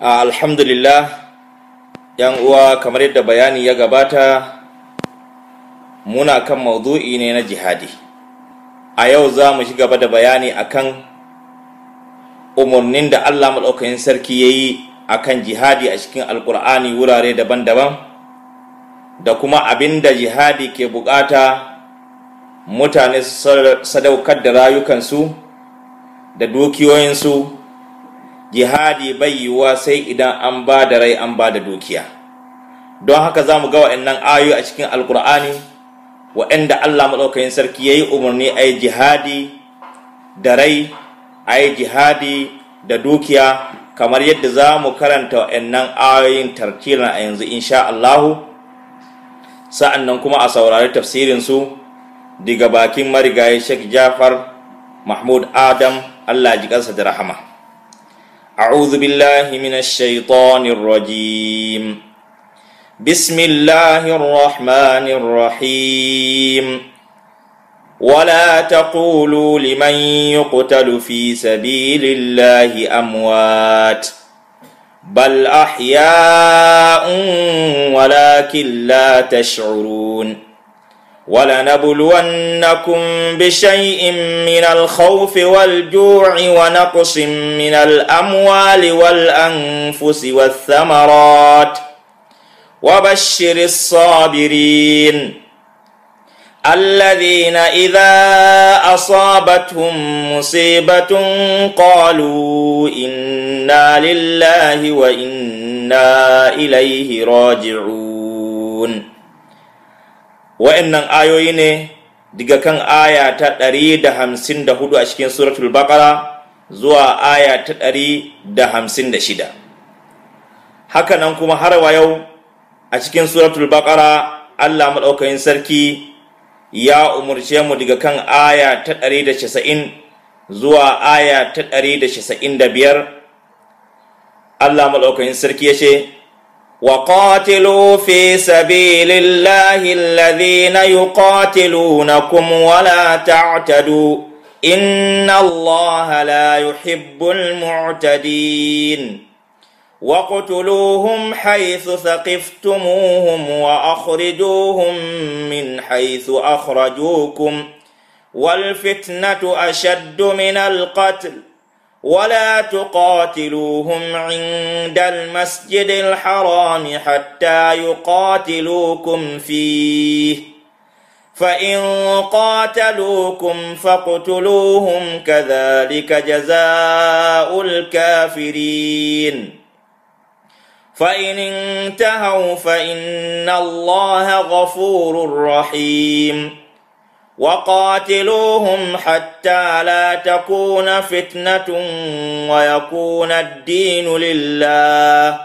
alhamdulillah yan uwa kamar yadda bayani ya gabata muna kan maudu'i ne na jihadi a yau za mu shi gaba da bayani akan umarnin da allah maɗaukakin sarki ya yi a kan jihadi a cikin alkur'ani wurare daban-daban da kuma abin da jihadi ke buƙata mutane su sadaukar da rayukansu da dukiyoyinsu jihadi bai yiwuwa sai idan an ba da rai an ba da dukiya don haka za mu ga waɗannan ayoyi a cikin alkur'ani waɗanda allah maɗaukakin sarki ya yi umarni a yi jihadi da rai a yi jihadi da dukiya kamar yadda za mu karanta waɗannan ayoyin tarkilan a yanzu insha allahu sa'an nan kuma a saurari tafsirinsu daga bakin marigayi shek jafar mahmud adam allah ji kansa da rahama أعوذ بالله من الشيطان الرجيم بسم الله الرحمن الرحيم ولا تقولوا لمن يقتل في سبيل الله أموات بل أحياء ولكن لا تشعرون ولنبلونكم بشيء من الخوف والجوع ونقص من الاموال والانفس والثمرات وبشر الصابرين الذين اذا اصابتهم مصيبه قالوا انا لله وانا اليه راجعون wa'annan ayoyi ne daga kan aya ta 154 a cikin suratul baqara zuwa aya ta 156 haka nan kuma har wa yau a cikin suratul baqara Allah madaukakin sarki ya umurce mu daga kan aya ta 190 zuwa aya ta 195 Allah madaukakin sarki ya ce وقاتلوا في سبيل الله الذين يقاتلونكم ولا تعتدوا ان الله لا يحب المعتدين واقتلوهم حيث ثقفتموهم واخرجوهم من حيث اخرجوكم والفتنه اشد من القتل ولا تقاتلوهم عند المسجد الحرام حتى يقاتلوكم فيه فإن قاتلوكم فاقتلوهم كذلك جزاء الكافرين فإن انتهوا فإن الله غفور رحيم وقاتلوهم حتى لا تكون فتنة ويكون الدين لله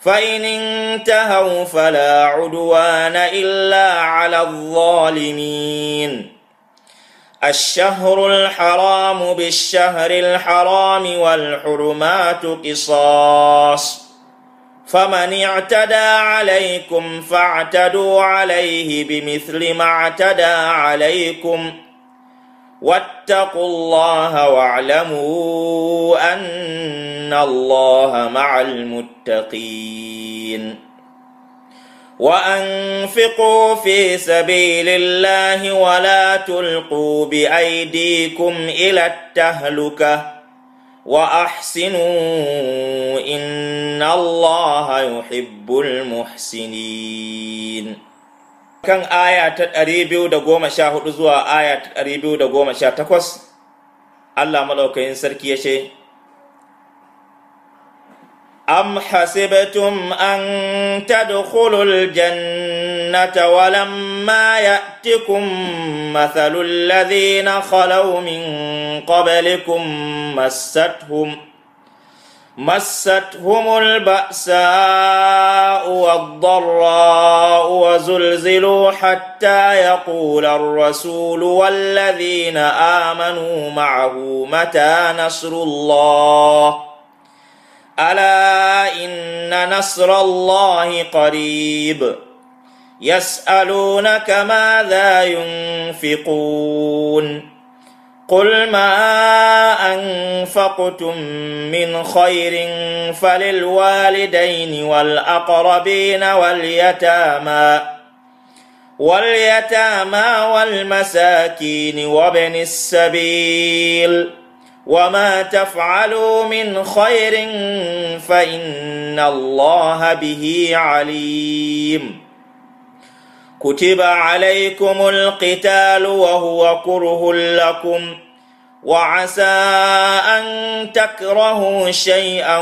فإن انتهوا فلا عدوان إلا على الظالمين الشهر الحرام بالشهر الحرام والحرمات قصاص فمن اعتدى عليكم فاعتدوا عليه بمثل ما اعتدى عليكم واتقوا الله واعلموا ان الله مع المتقين وانفقوا في سبيل الله ولا تلقوا بايديكم الى التهلكه وأحسنوا إن الله يحب المحسنين kan aya ta ɗari biyu da goma sha hudu zuwa aya ta ɗari biyu da goma sha takwas Allah malaukakin sarki ya ce أم حسبتم أن تدخلوا الجنة ولما يأتكم مثل الذين خلوا من قبلكم مستهم مستهم البأساء والضراء وزلزلوا حتى يقول الرسول والذين آمنوا معه متى نصر الله ؟ ألا إن نصر الله قريب يسألونك ماذا ينفقون قل ما أنفقتم من خير فللوالدين والأقربين واليتامى واليتامى والمساكين وابن السبيل وما تفعلوا من خير فإن الله به عليم كتب عليكم القتال وهو كره لكم وعسى أن تكرهوا شيئا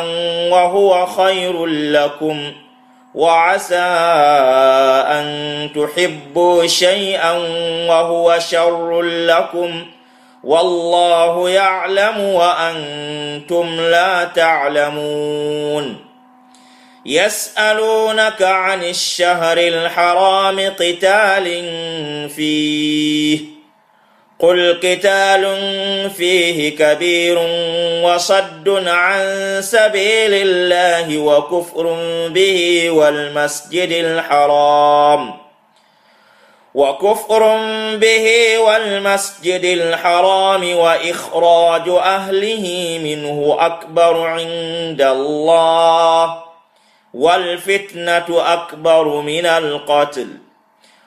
وهو خير لكم وعسى أن تحبوا شيئا وهو شر لكم ۖ والله يعلم وانتم لا تعلمون يسالونك عن الشهر الحرام قتال فيه قل قتال فيه كبير وصد عن سبيل الله وكفر به والمسجد الحرام وكفر به والمسجد الحرام وإخراج أهله منه أكبر عند الله والفتنة أكبر من القتل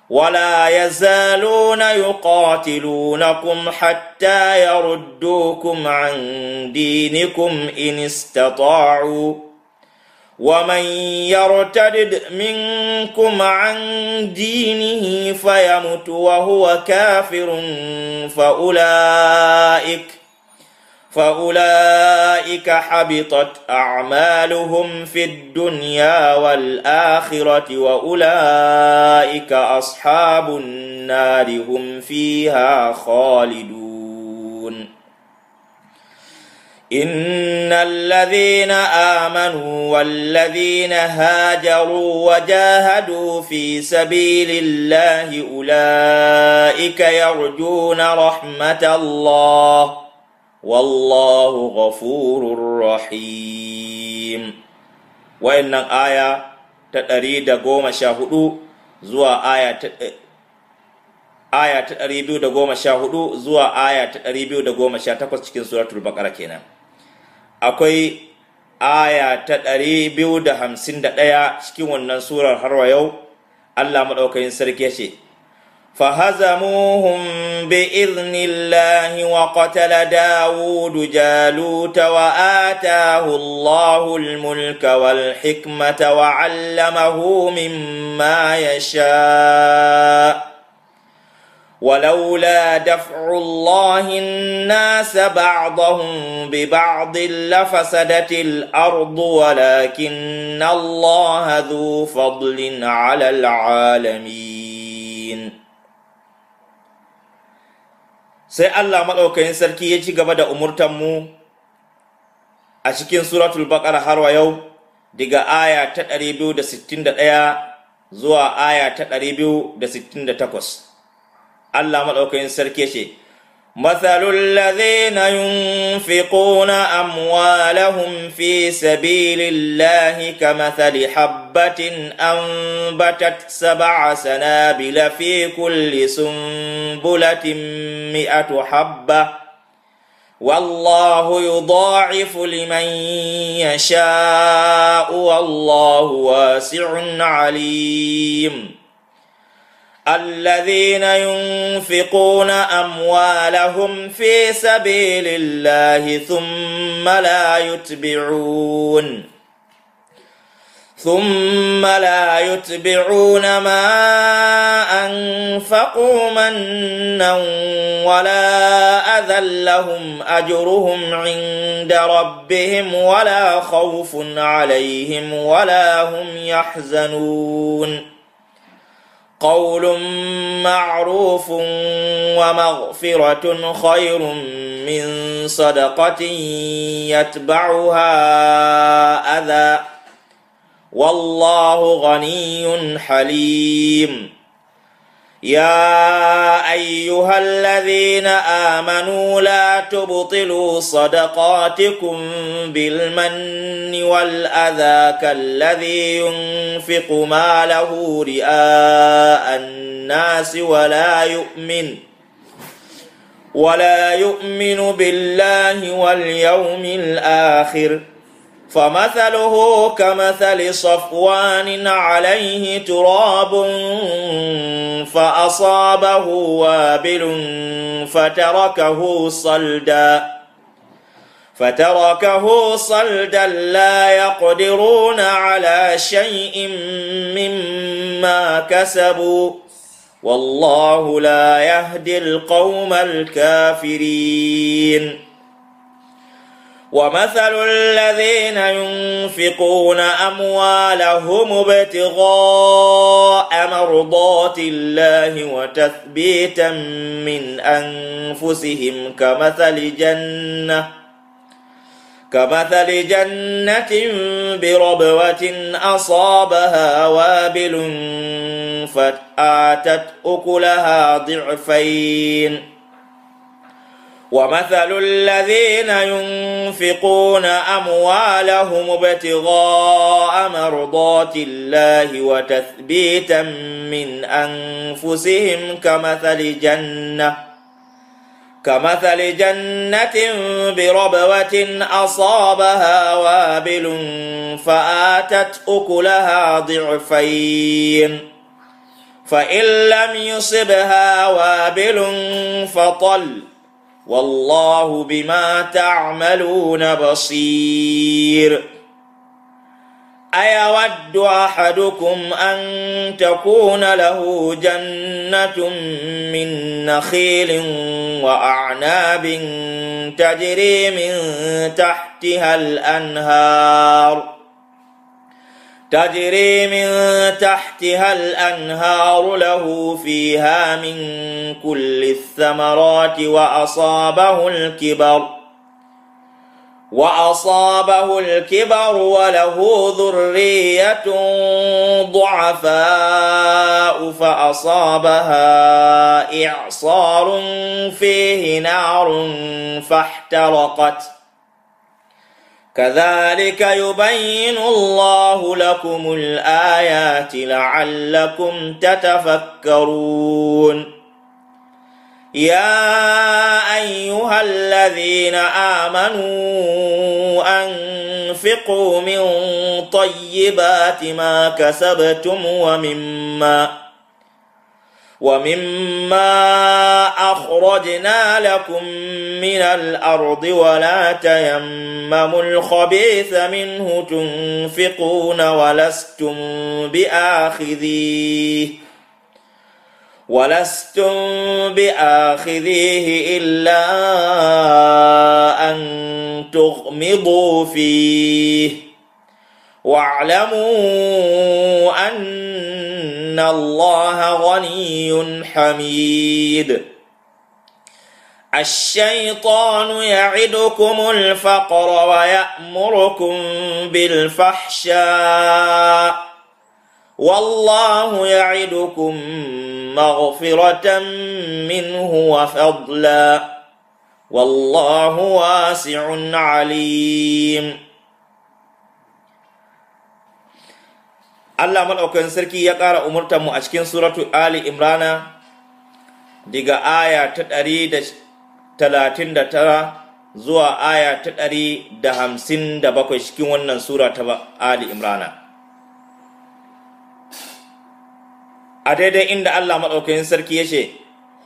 ولا يزالون يقاتلونكم حتى يردوكم عن دينكم إن استطاعوا ومن يرتد منكم عن دينه فيمت وهو كافر فأولئك فأولئك حبطت أعمالهم في الدنيا والآخرة وأولئك أصحاب النار هم فيها خالدون إن الذين آمنوا والذين هاجروا وجاهدوا في سبيل الله أولئك يرجون رحمة الله والله غفور رحيم وإن آية تأريد قوم شاهدوا زوا آية آية تأريد قوم شاهدوا زوا آية تأريد قوم شاهدوا cikin سورة البقرة kenan akwai aya ta 251 cikin wannan surar har wa yau Allah madaukakin sarki yace ya ce فهزموهم بإذن الله وقتل داود جالوت وآتاه wal hikmata wa 'allamahu mimma yasha' ولولا دفع الله الناس بعضهم ببعض لفسدت الارض ولكن الله ذو فضل على العالمين sai Allah maɗaukakin sarki ya ci gaba da umurtanmu a cikin suratul baƙar har wa yau daga aya ta 261 zuwa aya ta 268 Allah maɗaukakin sarki مثل الذين ينفقون أموالهم في سبيل الله كمثل حبة أنبتت سبع سنابل في كل سنبلة مئة حبة والله يضاعف لمن يشاء والله واسع عليم الذين ينفقون أموالهم في سبيل الله ثم لا يتبعون ثم لا يتبعون ما أنفقوا منا ولا أذى لهم أجرهم عند ربهم ولا خوف عليهم ولا هم يحزنون قول معروف ومغفرة خير من صدقة يتبعها أذى والله غني حليم يا ايها الذين امنوا لا تبطلوا صدقاتكم بالمن والاذى كالذي ينفق ماله رئاء الناس ولا يؤمن ولا يؤمن بالله واليوم الاخر فمثله كمثل صفوان عليه تراب فأصابه وابل فتركه صلدا فتركه صلدا لا يقدرون على شيء مما كسبوا والله لا يهدي القوم الكافرين ومثل الذين ينفقون أموالهم ابتغاء مرضات الله وتثبيتا من أنفسهم كمثل جنة كمثل جنة بربوة أصابها وابل فآتت أكلها ضعفين ومثل الذين ينفقون أموالهم ابتغاء مرضات الله وتثبيتا من أنفسهم كمثل جنة كمثل جنة بربوة أصابها وابل فآتت أكلها ضعفين فإن لم يصبها وابل فطل والله بما تعملون بصير أيود أحدكم أن تكون له جنة من نخيل وأعناب تجري من تحتها الأنهار ۖ تجري من تحتها الأنهار له فيها من كل الثمرات وأصابه الكبر وأصابه الكبر وله ذرية ضعفاء فأصابها إعصار فيه نار فاحترقت ۖ كذلك يبين الله لكم الآيات لعلكم تتفكرون يا أيها الذين آمنوا أنفقوا من طيبات ما كسبتم ومما ومما أخرجنا لكم من الأرض ولا تيمموا الخبيث منه تنفقون ولستم بآخذيه ولستم بآخذيه إلا أن تغمضوا فيه واعلموا أن إن الله غني حميد الشيطان يعدكم الفقر ويأمركم بالفحشاء والله يعدكم مغفرة منه وفضلا والله واسع عليم Allah maɗaukakin sarki ya ƙara umurtanmu mu a cikin suratu Ali Imrana daga aya ta ɗari da talatin da tara zuwa aya ta ɗari da hamsin da bakwai cikin wannan sura ta Ali Imrana. A daidai inda Allah maɗaukakin sarki ya ce,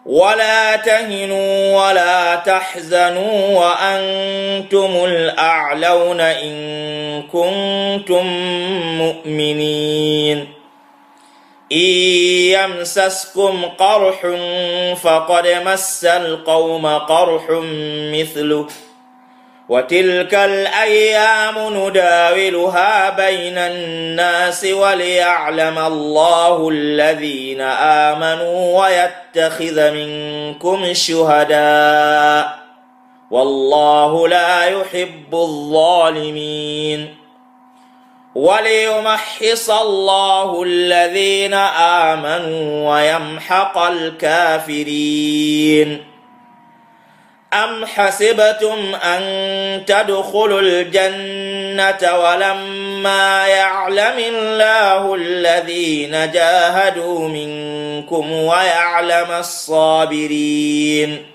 ولا تهنوا ولا تحزنوا وأنتم الأعلون إن كنتم مؤمنين إن يمسسكم قرح فقد مس القوم قرح مثله وتلك الأيام نداولها بين الناس وليعلم الله الذين آمنوا ويتخذ منكم شهداء والله لا يحب الظالمين وليمحص الله الذين آمنوا ويمحق الكافرين أم حسبتم أن تدخلوا الجنة ولما يعلم الله الذين جاهدوا منكم ويعلم الصابرين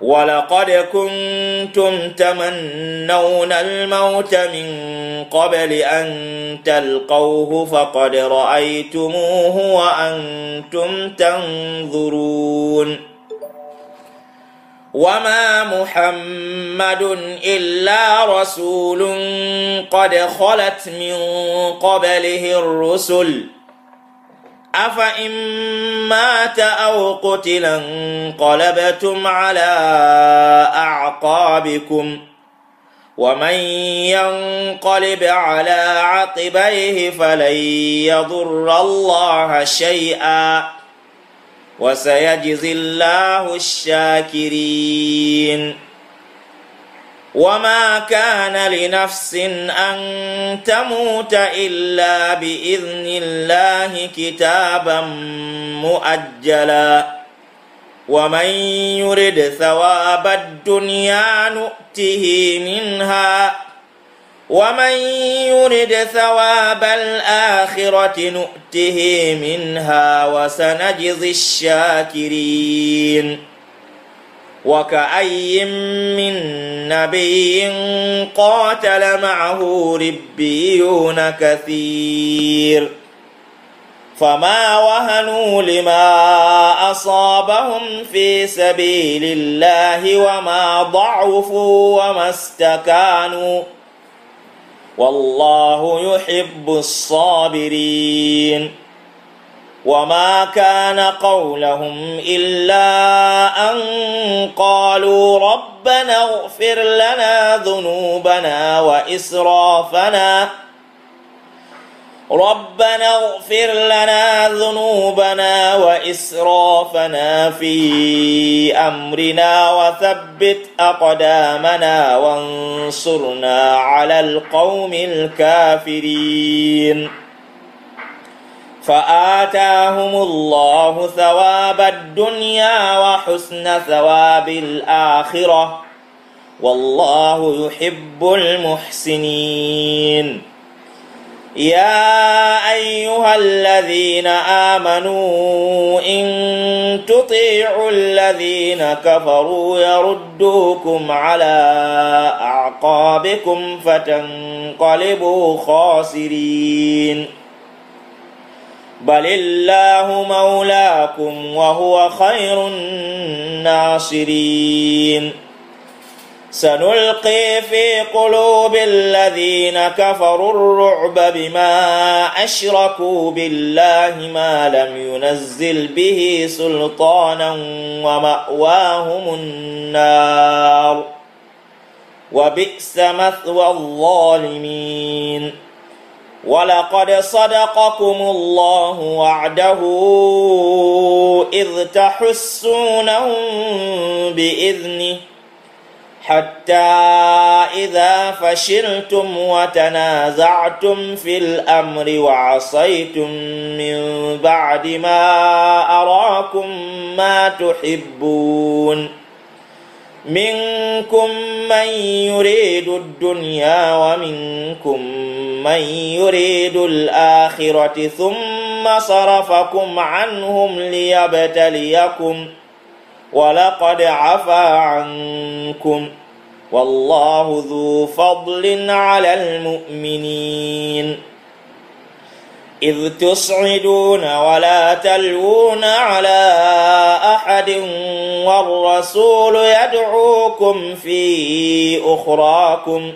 ولقد كنتم تمنون الموت من قبل أن تلقوه فقد رأيتموه وأنتم تنظرون وما محمد الا رسول قد خلت من قبله الرسل افان مات او قتل انقلبتم على اعقابكم ومن ينقلب على عقبيه فلن يضر الله شيئا وسيجزي الله الشاكرين وما كان لنفس أن تموت إلا بإذن الله كتابا مؤجلا ومن يرد ثواب الدنيا نؤته منها ومن يرد ثواب الآخرة نؤته منها وسنجزي الشاكرين وكأي من نبي قاتل معه ربيون كثير فما وهنوا لما أصابهم في سبيل الله وما ضعفوا وما استكانوا والله يحب الصابرين وما كان قولهم إلا أن قالوا ربنا اغفر لنا ذنوبنا وإسرافنا ربنا اغفر لنا ذنوبنا وإسرافنا في أمرنا وثبت أقدامنا وانصرنا على القوم الكافرين فآتاهم الله ثواب الدنيا وحسن ثواب الآخرة والله يحب المحسنين يا أيها الذين آمنوا إن تطيعوا الذين كفروا يردوكم على أعقابكم فتنقلبوا خاسرين بل الله مولاكم وهو خير الناصرين سنلقي في قلوب الذين كفروا الرعب بما أشركوا بالله ما لم ينزل به سلطانا ومأواهم النار وبئس مثوى الظالمين ولقد صدقكم الله وعده إذ تحسونهم بإذنه حتى إذا فشلتم وتنازعتم في الأمر وعصيتم من بعد ما أراكم ما تحبون منكم من يريد الدنيا ومنكم من يريد الآخرة ثم صرفكم عنهم ليبتليكم ولقد عفا عنكم ۖ والله ذو فضل على المؤمنين إذ تصعدون ولا تلوون على أحد والرسول يدعوكم في أخراكم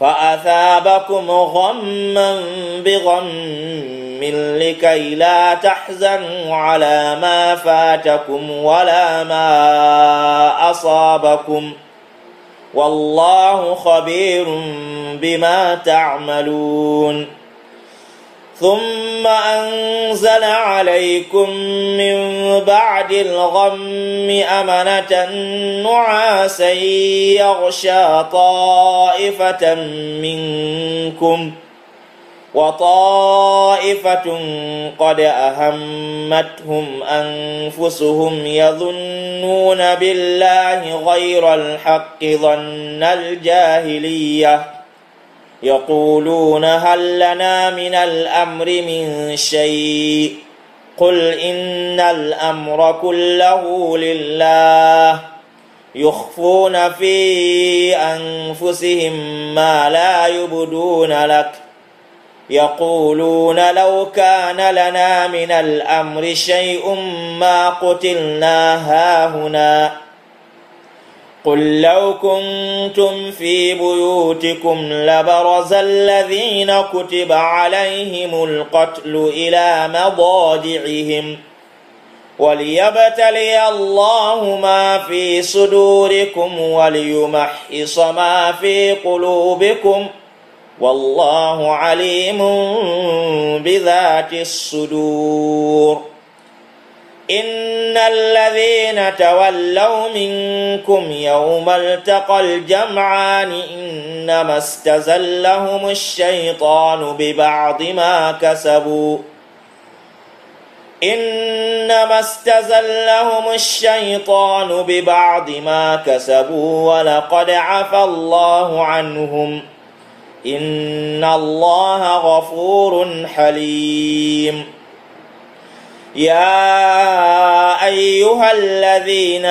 فأثابكم غما بغم لكي لا تحزنوا على ما فاتكم ولا ما أصابكم ۖ والله خبير بما تعملون ثم أنزل عليكم من بعد الغم أمنة نعاسا يغشى طائفة منكم ۖ وطائفة قد أهمتهم أنفسهم يظنون بالله غير الحق ظن الجاهلية يقولون هل لنا من الأمر من شيء قل إن الأمر كله لله يخفون في أنفسهم ما لا يبدون لك يقولون لو كان لنا من الامر شيء ما قتلنا هاهنا قل لو كنتم في بيوتكم لبرز الذين كتب عليهم القتل الى مضاجعهم وليبتلي الله ما في صدوركم وليمحص ما في قلوبكم ۖ والله عليم بذات الصدور ان الذين تولوا منكم يوم التقى الجمعان انما استزلهم الشيطان ببعض ما كسبوا إنما استزلهم الشيطان ببعض ما كسبوا ولقد عفى الله عنهم ۖ إن الله غفور حليم يا أيها الذين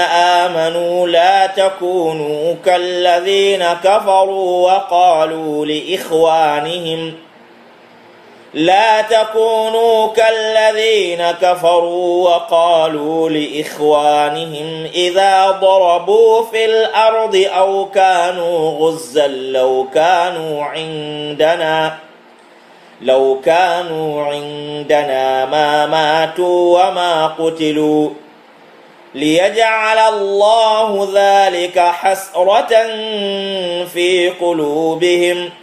آمنوا لا تكونوا كالذين كفروا وقالوا لإخوانهم ۖ لا تكونوا كالذين كفروا وقالوا لإخوانهم إذا ضربوا في الأرض أو كانوا غزا لو كانوا عندنا لو كانوا عندنا ما ماتوا وما قتلوا ليجعل الله ذلك حسرة في قلوبهم ۖ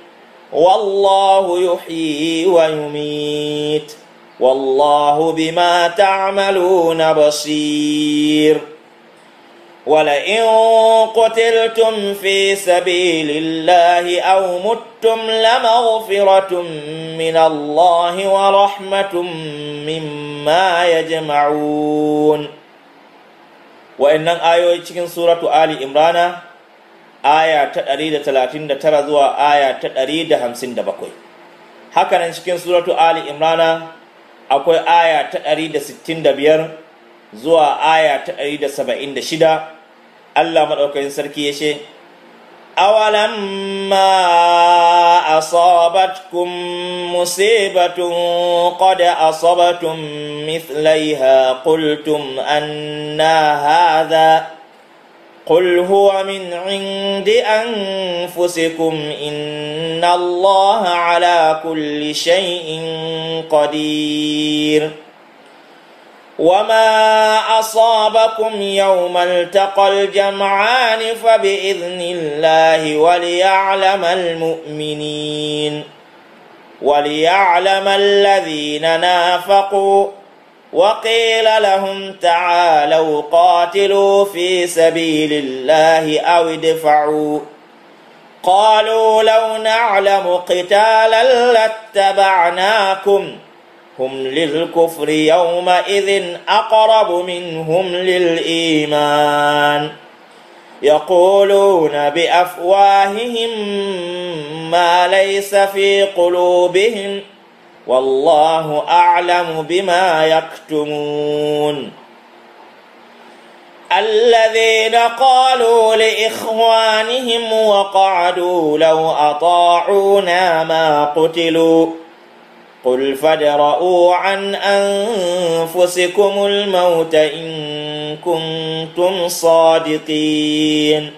والله يحيي ويميت والله بما تعملون بصير ولئن قتلتم في سبيل الله او متم لمغفره من الله ورحمه مما يجمعون وإن آية cikin سورة آل Imrana aya ta ɗari da da talatin tara zuwa aya ta ɗari da hamsin da bakwai. Hakanan cikin suratu ali imrana akwai aya ta ɗari da da sittin biyar zuwa aya ta ɗari da da saba'in shida. Allah maɗaukakin sarki ya ce awalan ma asabatkum musibatun qad asabatum mithlaiha qultum anna hadha قل هو من عند أنفسكم إن الله على كل شيء قدير وما أصابكم يوم التقى الجمعان فبإذن الله وليعلم المؤمنين وليعلم الذين نافقوا وقيل لهم تعالوا قاتلوا في سبيل الله أو ادفعوا قالوا لو نعلم قتالا لاتبعناكم هم للكفر يومئذ أقرب منهم للإيمان يقولون بأفواههم ما ليس في قلوبهم ۖ والله أعلم بما يكتمون الذين قالوا لإخوانهم وقعدوا لو أطاعونا ما قتلوا قل فادرءوا عن أنفسكم الموت إن كنتم صادقين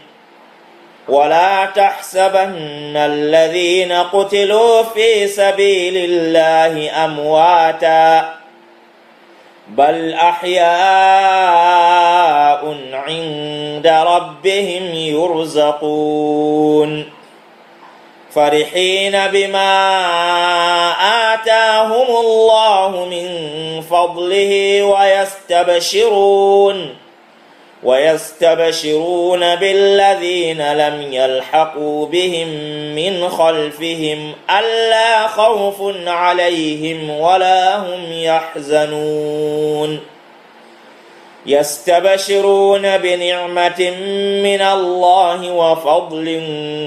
ولا تحسبن الذين قتلوا في سبيل الله امواتا بل احياء عند ربهم يرزقون فرحين بما اتاهم الله من فضله ويستبشرون ويستبشرون بالذين لم يلحقوا بهم من خلفهم ألا خوف عليهم ولا هم يحزنون يستبشرون بنعمة من الله وفضل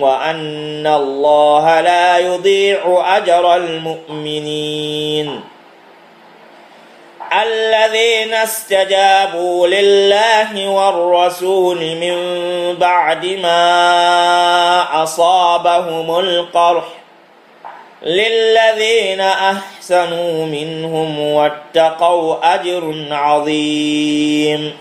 وأن الله لا يضيع أجر المؤمنين الذين استجابوا لله والرسول من بعد ما أصابهم القرح للذين أحسنوا منهم واتقوا أجر عظيم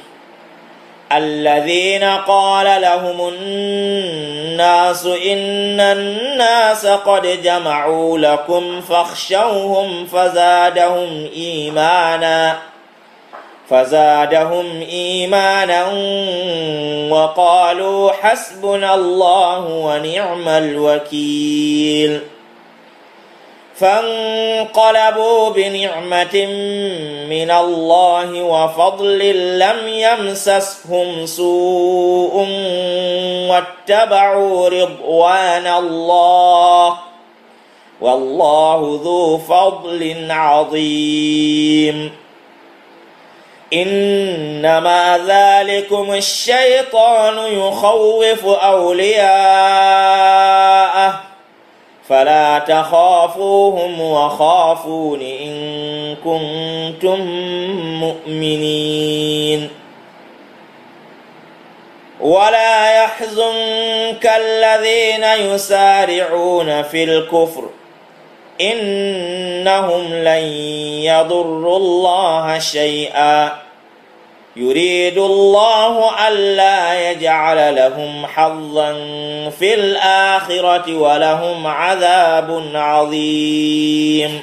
الذين قال لهم الناس إن الناس قد جمعوا لكم فاخشوهم فزادهم إيمانا فزادهم إيمانا وقالوا حسبنا الله ونعم الوكيل فانقلبوا بنعمة من الله وفضل لم يمسسهم سوء واتبعوا رضوان الله والله ذو فضل عظيم إنما ذلكم الشيطان يخوف أولياءه فلا تخافوهم وخافون إن كنتم مؤمنين ولا يحزنك الذين يسارعون في الكفر إنهم لن يضروا الله شيئا يريد الله ألا يجعل لهم حظا في الآخرة ولهم عذاب عظيم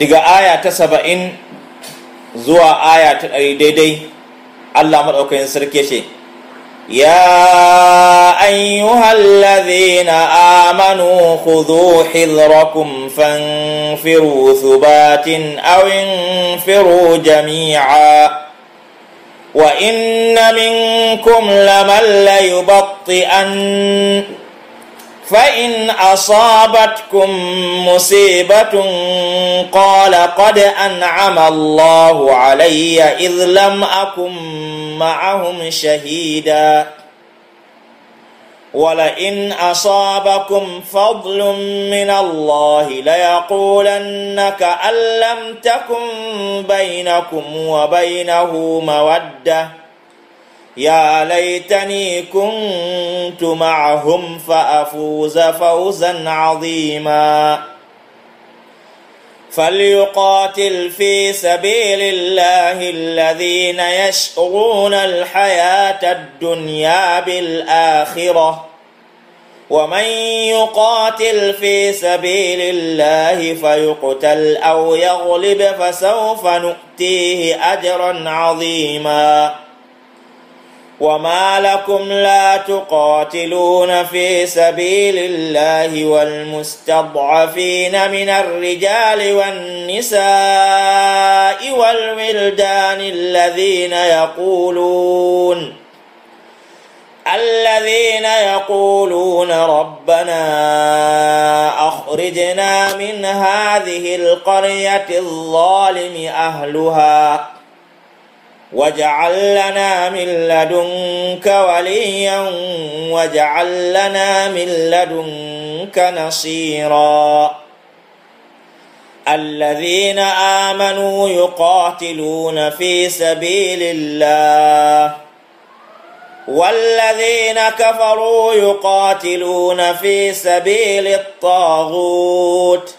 daga aya ta saba'in zuwa aya ta ɗari daidai allah maɗaukakin sarki ce ya ayyuhallazina amanu khudhu hidrakum fanfiru thubatin aw infiru jami'a وإن منكم لمن ليبطئن فإن أصابتكم مصيبة قال قد أنعم الله علي إذ لم أكن معهم شهيدا ولئن أصابكم فضل من الله ليقولن كأن لم تكن بينكم وبينه موده يا ليتني كنت معهم فافوز فوزا عظيما فليقاتل في سبيل الله الذين يشغون الحياه الدنيا بالاخره ومن يقاتل في سبيل الله فيقتل او يغلب فسوف نؤتيه اجرا عظيما وما لكم لا تقاتلون في سبيل الله والمستضعفين من الرجال والنساء والولدان الذين يقولون الذين يقولون ربنا اخرجنا من هذه القريه الظالم اهلها واجعل لنا من لدنك وليا واجعل لنا من لدنك نصيرا الذين امنوا يقاتلون في سبيل الله والذين كفروا يقاتلون في سبيل الطاغوت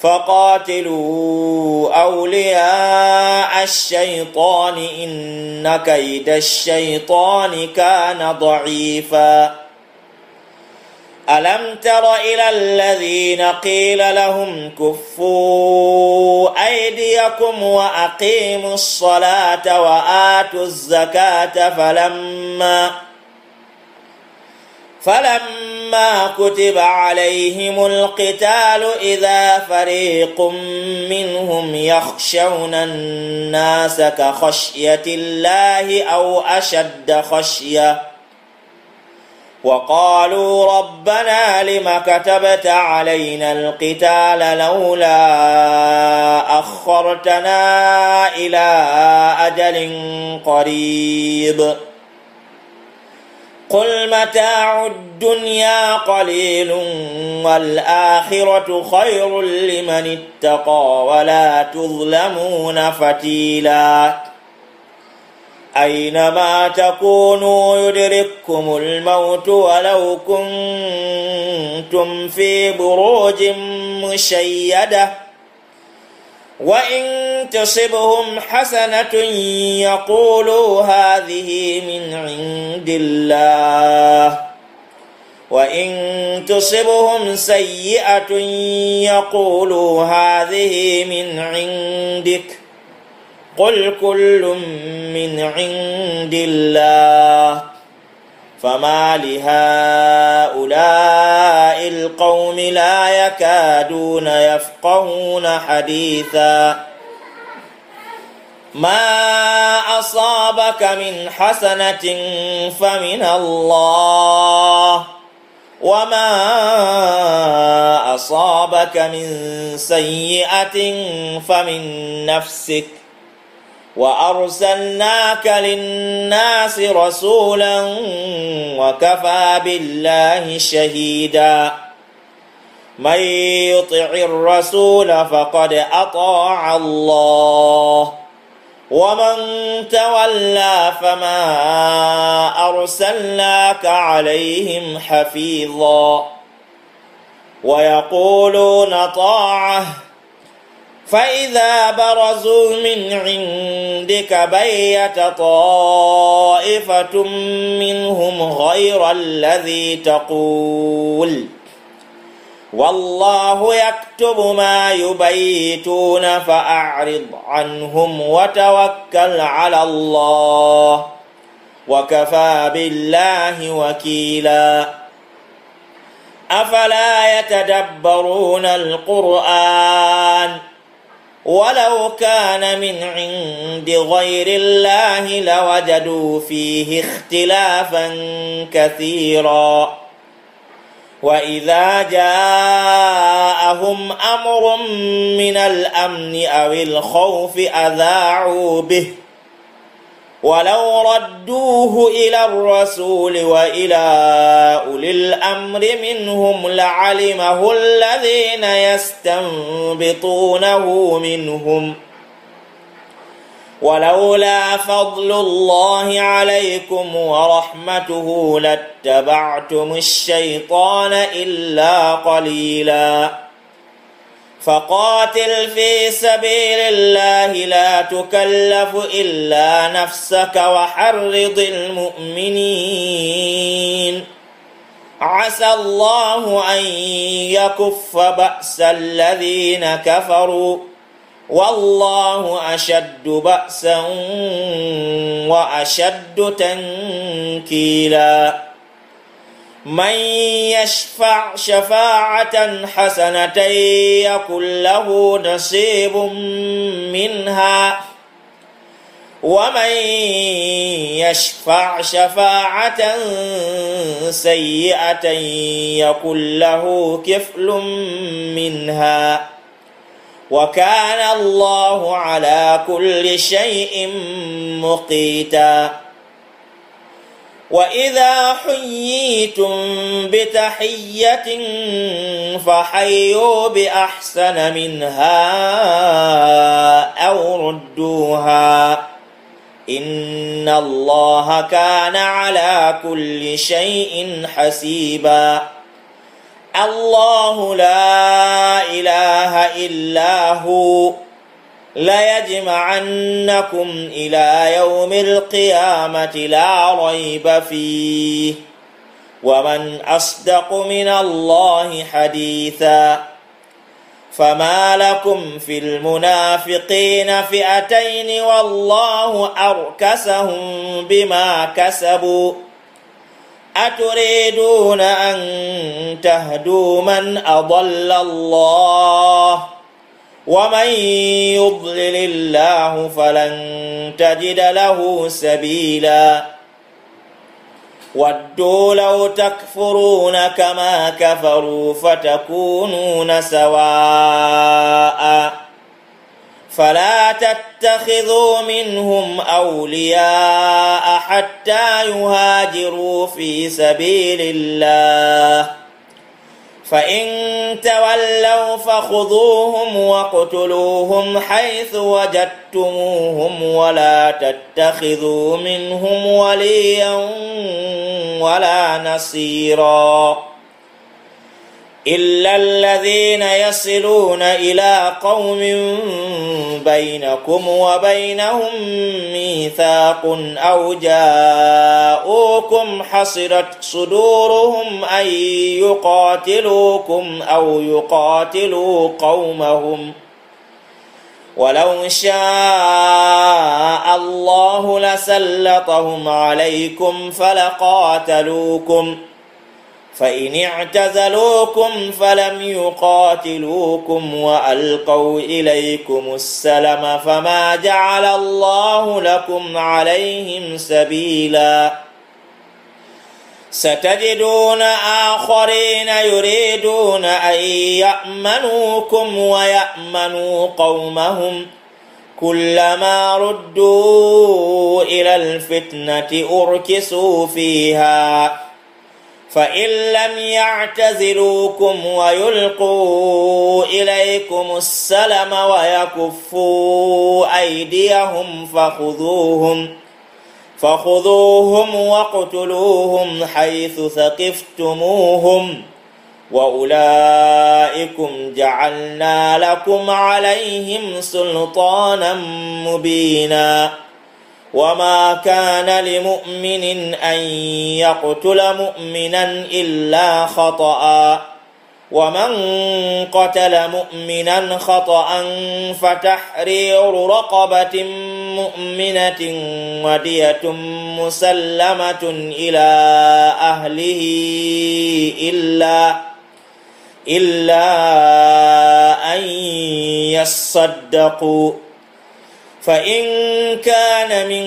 فقاتلوا أولياء الشيطان إن كيد الشيطان كان ضعيفا ألم تر إلى الذين قيل لهم كفوا أيديكم وأقيموا الصلاة وآتوا الزكاة فلما فلما كتب عليهم القتال إذا فريق منهم يخشون الناس كخشية الله أو أشد خشية وقالوا ربنا لم كتبت علينا القتال لولا أخرتنا إلى أجل قريب ۖ قل متاع الدنيا قليل والآخرة خير لمن اتقى ولا تظلمون فتيلا أينما تكونوا يدرككم الموت ولو كنتم في بروج مشيده وإن تصبهم حسنة يقولوا هذه من عند الله وإن تصبهم سيئة يقولوا هذه من عندك قل كل من عند الله فما لهؤلاء القوم لا يكادون يفقهون حديثا ما اصابك من حسنه فمن الله وما اصابك من سيئه فمن نفسك وأرسلناك للناس رسولا وكفى بالله شهيدا من يطع الرسول فقد أطاع الله ومن تولى فما أرسلناك عليهم حفيظا ويقولون طاعه فإذا برزوا من عندك بيت طائفة منهم غير الذي تقول والله يكتب ما يبيتون فأعرض عنهم وتوكل على الله وكفى بالله وكيلا أفلا يتدبرون القرآن ؟ ولو كان من عند غير الله لوجدوا فيه اختلافا كثيرا واذا جاءهم امر من الامن او الخوف اذاعوا به ولو ردوه إلى الرسول وإلى أولي الأمر منهم لعلمه الذين يستنبطونه منهم ولولا فضل الله عليكم ورحمته لاتبعتم الشيطان إلا قليلاً فقاتل في سبيل الله لا تكلف إلا نفسك وحرض المؤمنين عسى الله أن يكف بأس الذين كفروا والله أشد بأسا وأشد تنكيلاً من يشفع شفاعة حسنة يكن له نصيب منها ومن يشفع شفاعة سيئة يكن له كفل منها وكان الله على كل شيء مقيتاً وإذا حييتم بتحية فحيوا بأحسن منها أو ردوها إن الله كان على كل شيء حسيبا الله لا إله إلا هو ليجمعنكم إلى يوم القيامة لا ريب فيه ومن أصدق من الله حديثا فما لكم في المنافقين فئتين والله أركسهم بما كسبوا أتريدون أن تهدوا من أضل الله ؟ ومن يضلل الله فلن تجد له سبيلا ودوا لو تكفرون كما كفروا فتكونون سواء فلا تتخذوا منهم اولياء حتى يهاجروا في سبيل الله فإن تولوا فخذوهم واقتلوهم حيث وجدتموهم ولا تتخذوا منهم وليا ولا نصيرا إلا الذين يصلون إلى قوم بينكم وبينهم ميثاق أو جاءوكم حصرت صدورهم أن يقاتلوكم أو يقاتلوا قومهم ولو شاء الله لسلطهم عليكم فلقاتلوكم ۖ فإن اعتزلوكم فلم يقاتلوكم وألقوا إليكم السلم فما جعل الله لكم عليهم سبيلا ستجدون آخرين يريدون أن يأمنوكم ويأمنوا قومهم كلما ردوا إلى الفتنة أركسوا فيها فإن لم يعتزلوكم ويلقوا إليكم السلم ويكفوا أيديهم فخذوهم فخذوهم واقتلوهم حيث ثقفتموهم وأولئكم جعلنا لكم عليهم سلطانا مبيناً وما كان لمؤمن أن يقتل مؤمنا إلا خطأ ومن قتل مؤمنا خطأ فتحرير رقبة مؤمنة ودية مسلمة إلى أهله إلا إلا أن يصدقوا فإن كان من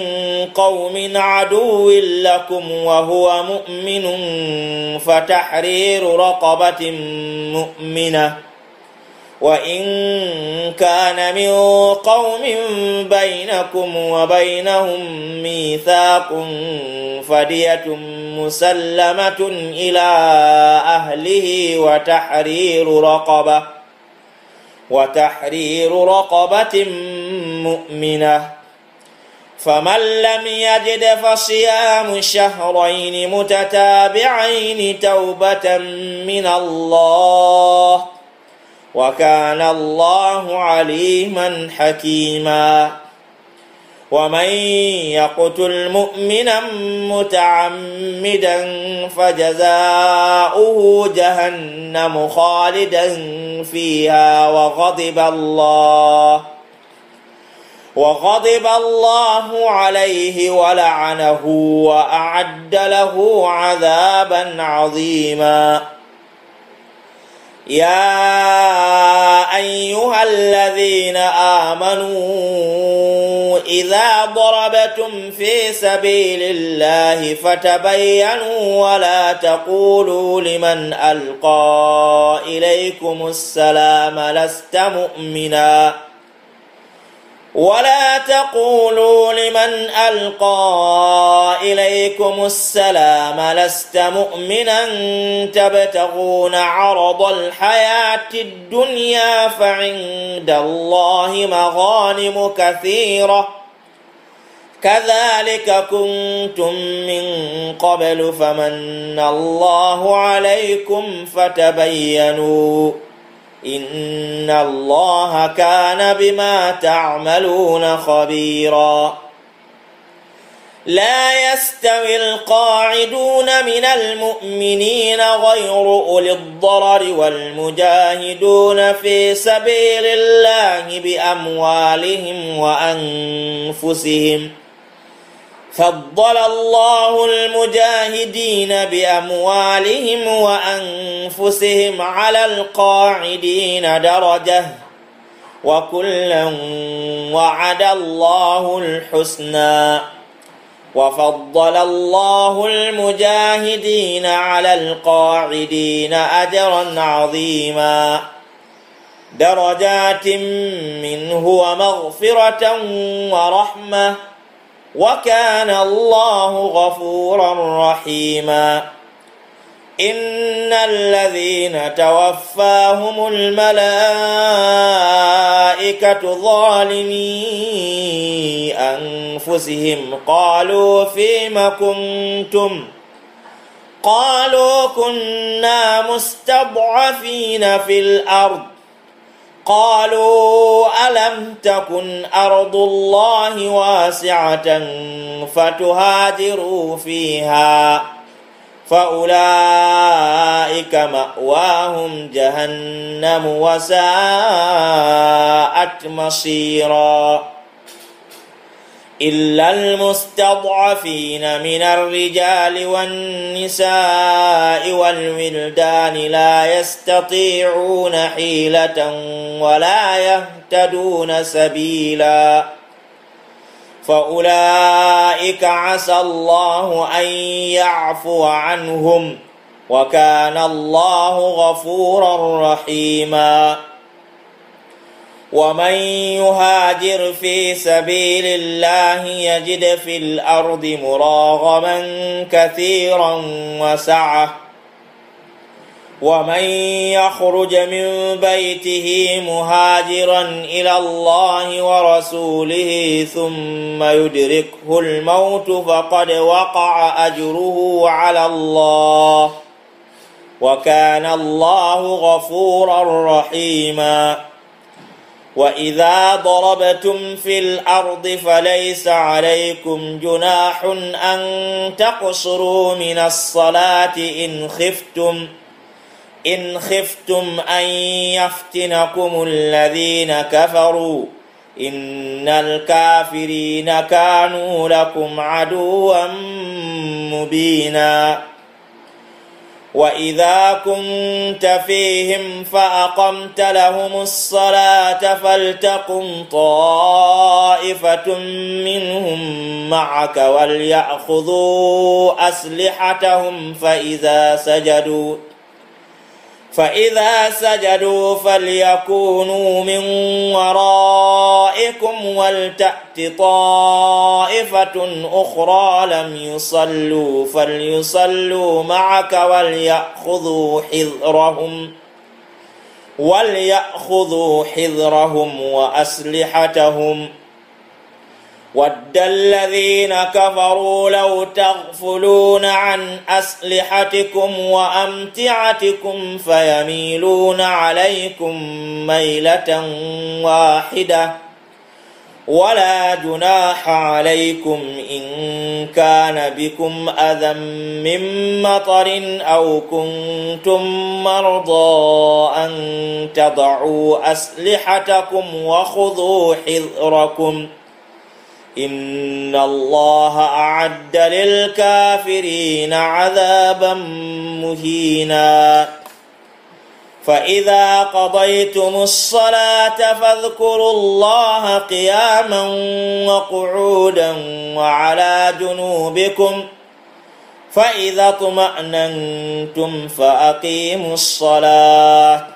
قوم عدو لكم وهو مؤمن فتحرير رقبة مؤمنة وإن كان من قوم بينكم وبينهم ميثاق فدية مسلمة إلى أهله وتحرير رقبة وتحرير رقبة مؤمنة فمن لم يجد فصيام شهرين متتابعين توبة من الله وكان الله عليما حكيما ومن يقتل مؤمنا متعمدا فجزاؤه جهنم خالدا فيها وغضب الله وغضب الله عليه ولعنه واعد له عذابا عظيما يا أيها الذين آمنوا إذا ضربتم في سبيل الله فتبينوا ولا تقولوا لمن ألقى إليكم السلام لست مؤمناً ولا تقولوا لمن القى اليكم السلام لست مؤمنا تبتغون عرض الحياه الدنيا فعند الله مغانم كثيره كذلك كنتم من قبل فمن الله عليكم فتبينوا إن الله كان بما تعملون خبيرا لا يستوي القاعدون من المؤمنين غير أولي الضرر والمجاهدون في سبيل الله بأموالهم وأنفسهم ۖ فضل الله المجاهدين باموالهم وانفسهم على القاعدين درجه وكلا وعد الله الحسنى وفضل الله المجاهدين على القاعدين اجرا عظيما درجات منه ومغفره ورحمه وكان الله غفورا رحيما ان الذين توفاهم الملائكه ظالمي انفسهم قالوا فيم كنتم قالوا كنا مستضعفين في الارض قالوا ألم تكن أرض الله واسعة فتهاجروا فيها فأولئك مأواهم جهنم وساءت مصيرًا إلا المستضعفين من الرجال والنساء والولدان لا يستطيعون حيلة ولا يهتدون سبيلا فأولئك عسى الله أن يعفو عنهم وكان الله غفورا رحيماً ومن يهاجر في سبيل الله يجد في الارض مراغما كثيرا وسعه ومن يخرج من بيته مهاجرا الى الله ورسوله ثم يدركه الموت فقد وقع اجره على الله وكان الله غفورا رحيما وإذا ضربتم في الأرض فليس عليكم جناح أن تقصروا من الصلاة إن خفتم إن خفتم أن يفتنكم الذين كفروا إن الكافرين كانوا لكم عدوا مبيناً واذا كنت فيهم فاقمت لهم الصلاه فلتقم طائفه منهم معك ولياخذوا اسلحتهم فاذا سجدوا فإذا سجدوا فليكونوا من ورائكم ولتأت طائفة أخرى لم يصلوا فليصلوا معك وليأخذوا حذرهم وليأخذوا حذرهم وأسلحتهم ۖ ود الذين كفروا لو تغفلون عن أسلحتكم وأمتعتكم فيميلون عليكم ميلة واحدة ولا جناح عليكم إن كان بكم أذى من مطر أو كنتم مرضى أن تضعوا أسلحتكم وخذوا حذركم ۖ إن الله أعد للكافرين عذابا مهينا فإذا قضيتم الصلاة فاذكروا الله قياما وقعودا وعلى جنوبكم فإذا اطمأننتم فأقيموا الصلاة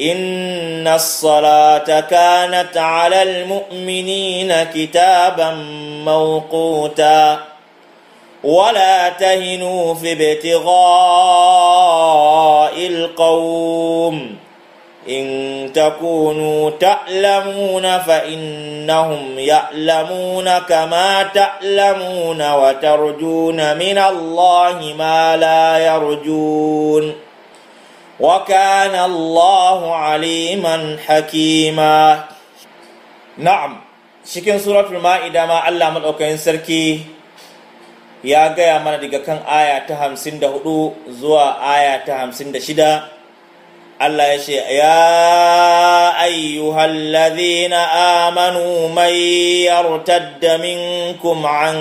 إن الصلاة كانت على المؤمنين كتابا موقوتا ولا تهنوا في ابتغاء القوم إن تكونوا تألمون فإنهم يألمون كما تألمون وترجون من الله ما لا يرجون وكان الله عليما حكيما نعم cikin suratul ma'ida ma Allah madaukakin sarki ya gaya mana daga kan aya ta 54 zuwa aya ta 56 Allah ya ce, Ya ayyuhallazina amanu mai yartadda minkum an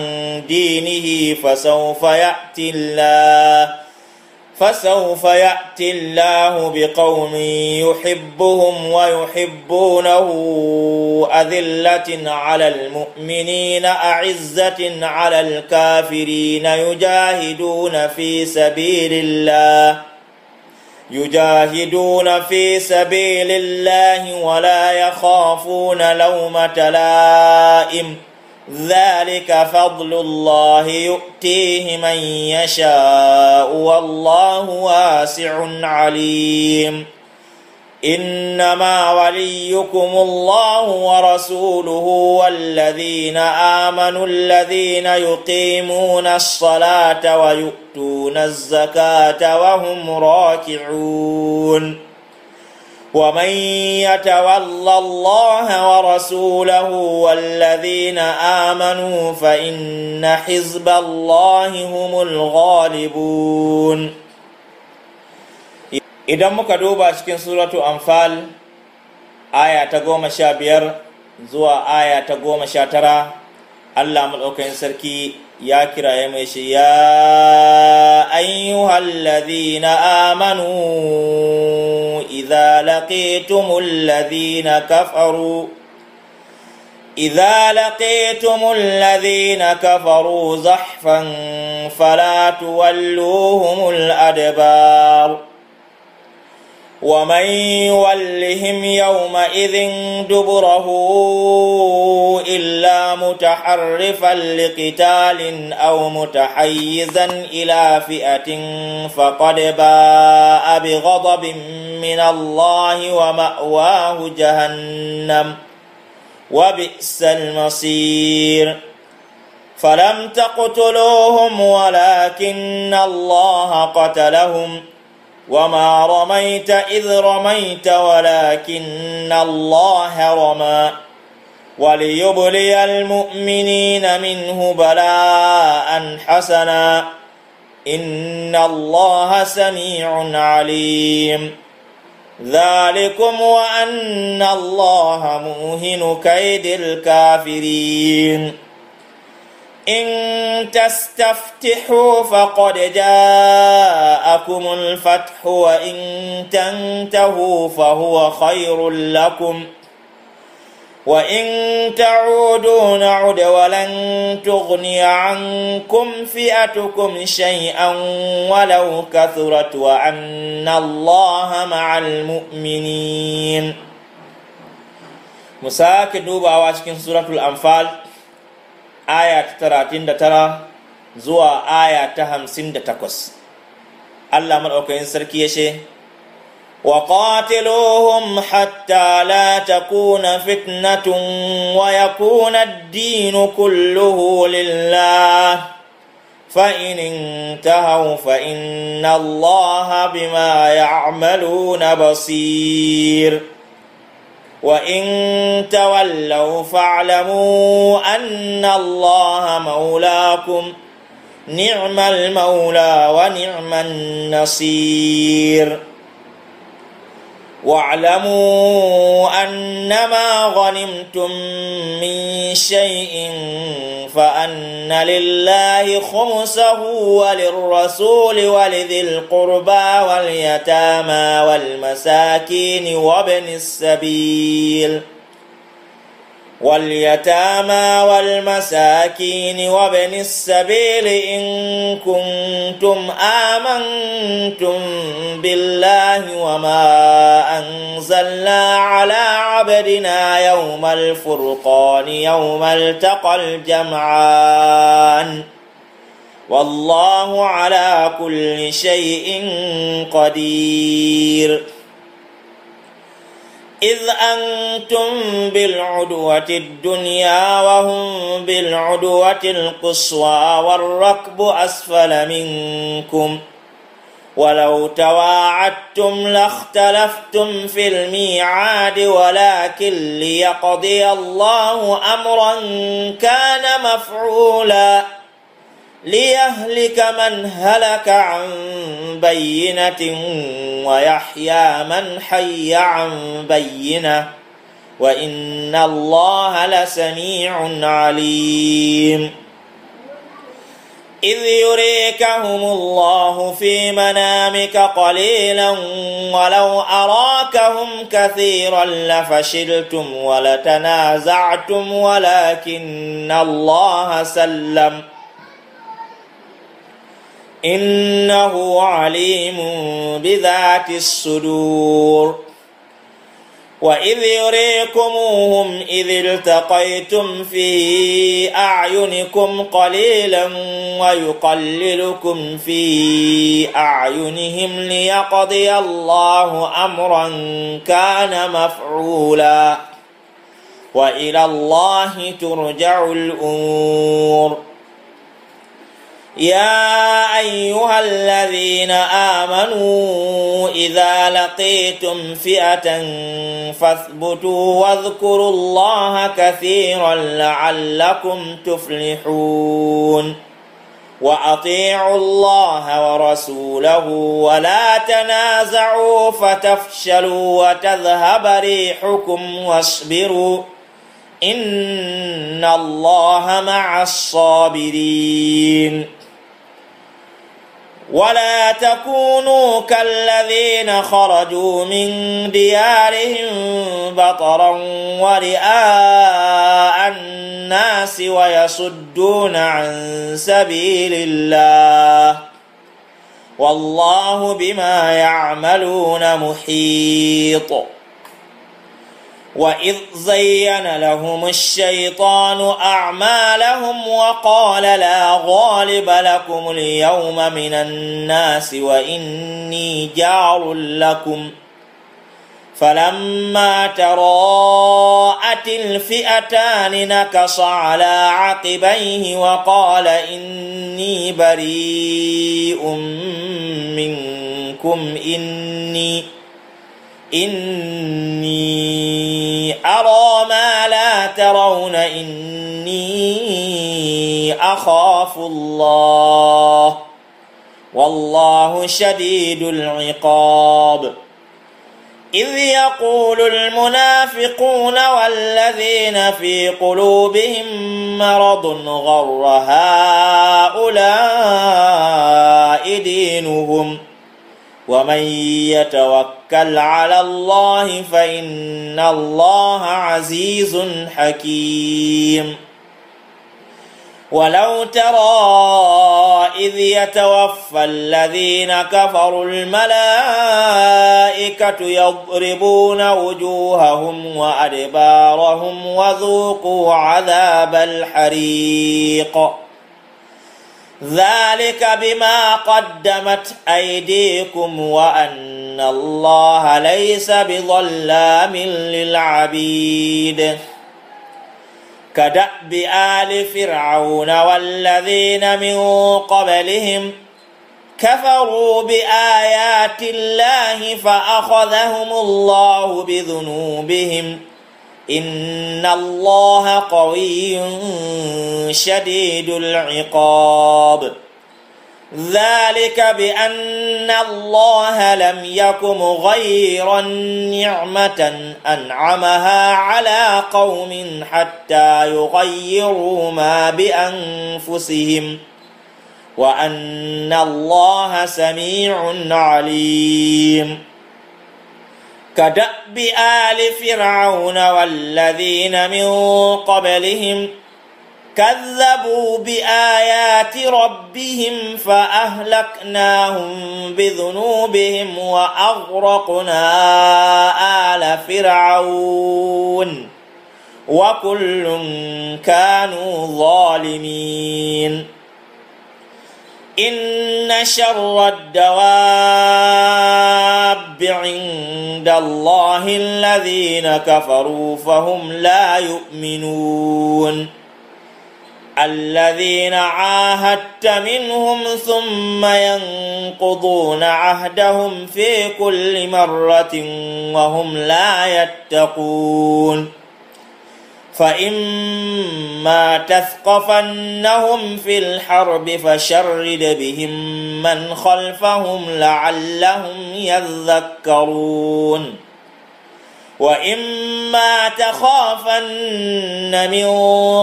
dinihi fasaufa ya'tillah فسوف ياتي الله بقوم يحبهم ويحبونه اذله على المؤمنين اعزه على الكافرين يجاهدون في سبيل الله يجاهدون في سبيل الله ولا يخافون لومه لائم ذلك فضل الله يؤتيه من يشاء والله واسع عليم انما وليكم الله ورسوله والذين امنوا الذين يقيمون الصلاه ويؤتون الزكاه وهم راكعون ومن يتول الله ورسوله والذين امنوا فان حزب الله هم الغالبون idan muka duba cikin suratu anfal aya ta goma sha biyar zuwa aya ta goma sha tara allah maɗaukakin sarki يا كرايم يا أيها الذين آمنوا إذا لقيتم الذين كفروا إذا لقيتم الذين كفروا زحفا فلا تولوهم الأدبار ومن يولهم يومئذ دبره إلا متحرفا لقتال أو متحيزا إلى فئة فقد باء بغضب من الله ومأواه جهنم وبئس المصير فلم تقتلوهم ولكن الله قتلهم ۖ وما رميت إذ رميت ولكن الله رمى وليبلي المؤمنين منه بلاء حسنا إن الله سميع عليم ذلكم وأن الله موهن كيد الكافرين إن تستفتحوا فقد جاءكم الفتح وإن تنتهوا فهو خير لكم وإن تعودوا نعد ولن تغني عنكم فئتكم شيئا ولو كثرت وأن الله مع المؤمنين مساك دوبا واشكين سورة الأنفال aya ta talatin da tara zuwa aya ta hamsin da takwas Allah maɗaukakin sarki ya ce wa qatiluhum hatta la takuna fitnatun wa yakuna ad-dinu kulluhu lillah فإن انتهوا فإن الله بما يعملون بصير وإن تولوا فاعلموا أن الله مولاكم نعم المولى ونعم النصير واعلموا أنما غنمتم من شيء فأن لله خمسه وللرسول ولذي القربى واليتامى والمساكين وابن السبيل ۖ واليتامى والمساكين وابن السبيل إن كنتم آمنتم بالله وما أنزلنا على عبدنا يوم الفرقان يوم التقى الجمعان والله على كل شيء قدير إذ أنتم بالعدوة الدنيا وهم بالعدوة القصوى والركب أسفل منكم ولو تواعدتم لاختلفتم في الميعاد ولكن ليقضي الله أمرا كان مفعولا ليهلك من هلك عن بينة ويحيى من حي عن بينة وإن الله لسميع عليم إذ يريكهم الله في منامك قليلا ولو أراكهم كثيرا لفشلتم ولتنازعتم ولكن الله سلم ۖ إنه عليم بذات الصدور وإذ يريكموهم إذ التقيتم في أعينكم قليلا ويقللكم في أعينهم ليقضي الله أمرا كان مفعولا وإلى الله ترجع الأمور يا ايها الذين امنوا اذا لقيتم فئه فاثبتوا واذكروا الله كثيرا لعلكم تفلحون واطيعوا الله ورسوله ولا تنازعوا فتفشلوا وتذهب ريحكم واصبروا ان الله مع الصابرين ولا تكونوا كالذين خرجوا من ديارهم بطرا ورئاء الناس ويصدون عن سبيل الله والله بما يعملون محيط وإذ زين لهم الشيطان أعمالهم وقال لا غالب لكم اليوم من الناس وإني جار لكم فلما تراءت الفئتان نكص على عقبيه وقال إني بريء منكم إني إني أرى ما لا ترون إني أخاف الله والله شديد العقاب إذ يقول المنافقون والذين في قلوبهم مرض غر هؤلاء دينهم ۖ ومن يتوكل على الله فإن الله عزيز حكيم ولو ترى إذ يتوفى الذين كفروا الملائكة يضربون وجوههم وأدبارهم وذوقوا عذاب الحريق ذلك بما قدمت أيديكم وأن الله ليس بظلام للعبيد كدأب آل فرعون والذين من قبلهم كفروا بآيات الله فأخذهم الله بذنوبهم ۖ إن الله قوي شديد العقاب ذلك بأن الله لم يك مغيرا نعمة أنعمها على قوم حتى يغيروا ما بأنفسهم وأن الله سميع عليم كدأب آل فرعون والذين من قبلهم كذبوا بآيات ربهم فأهلكناهم بذنوبهم وأغرقنا آل فرعون وكل كانوا ظالمين إن شر الدواب عند الله الذين كفروا فهم لا يؤمنون الذين عاهدت منهم ثم ينقضون عهدهم في كل مرة وهم لا يتقون فإما تثقفنهم في الحرب فشرد بهم من خلفهم لعلهم يذكرون وإما تخافن من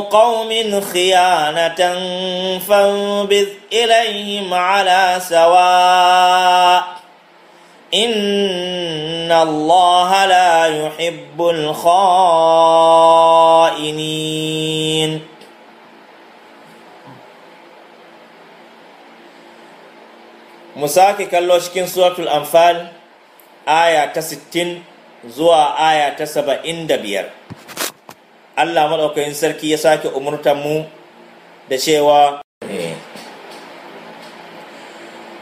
قوم خيانة فانبذ إليهم على سواء ان الله لا يحب الخائنين مساكي كاللوشكين سوره الانفال ايه تستين زوى ايه تسبا اندبير الله ملوك انسركي يساكي امرتمو دشيوا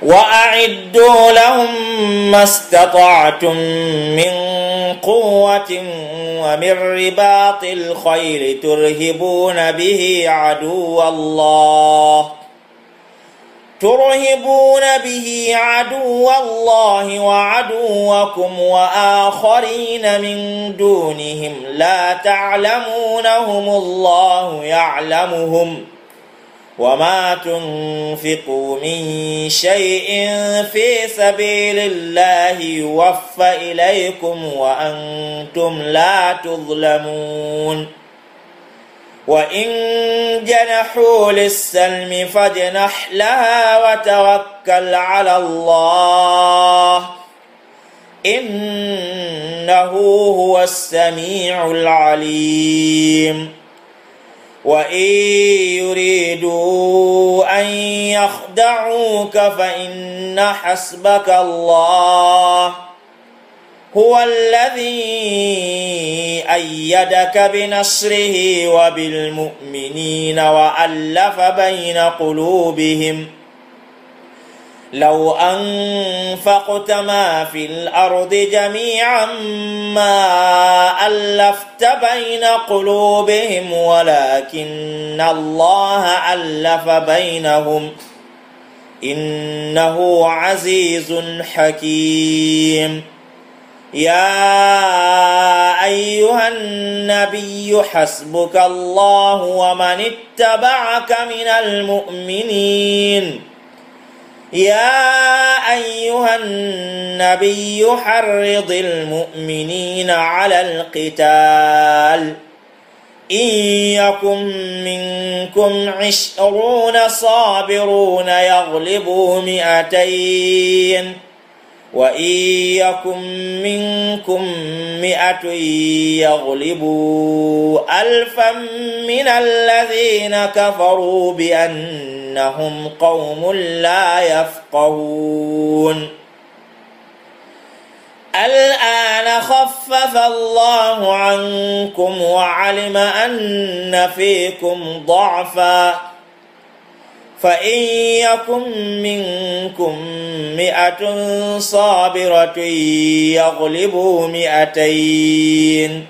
وأعدوا لهم ما استطعتم من قوة ومن رباط الخيل ترهبون به عدو الله ترهبون به عدو الله وعدوكم وآخرين من دونهم لا تعلمونهم الله يعلمهم ۖ وما تنفقوا من شيء في سبيل الله يوفى إليكم وأنتم لا تظلمون وإن جنحوا للسلم فاجنح لها وتوكل على الله إنه هو السميع العليم وإن يريدوا أن يخدعوك فإن حسبك الله هو الذي أيدك بنصره وبالمؤمنين وألف بين قلوبهم ۖ لو أنفقت ما في الأرض جميعا ما ألفت بين قلوبهم ولكن الله ألف بينهم إنه عزيز حكيم يا أيها النبي حسبك الله ومن اتبعك من المؤمنين يا أيها النبي حرض المؤمنين على القتال إن يكن منكم عشرون صابرون يغلبوا مئتين وإن يكن منكم مئة يغلبوا ألفا من الذين كفروا بأن انهم قوم لا يفقهون الان خفف الله عنكم وعلم ان فيكم ضعفا فان يكن منكم مئه صابره يغلبوا مئتين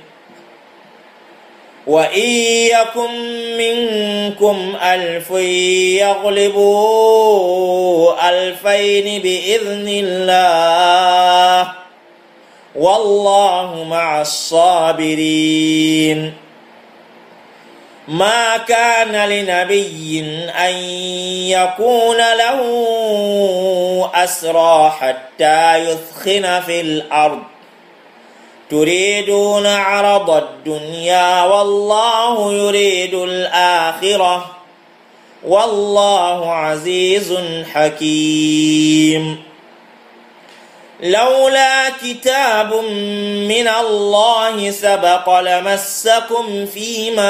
وإن يكن منكم ألف يغلبوا ألفين بإذن الله والله مع الصابرين ما كان لنبي أن يكون له أسرى حتى يثخن في الأرض تريدون عرض الدنيا والله يريد الآخرة والله عزيز حكيم لولا كتاب من الله سبق لمسكم فيما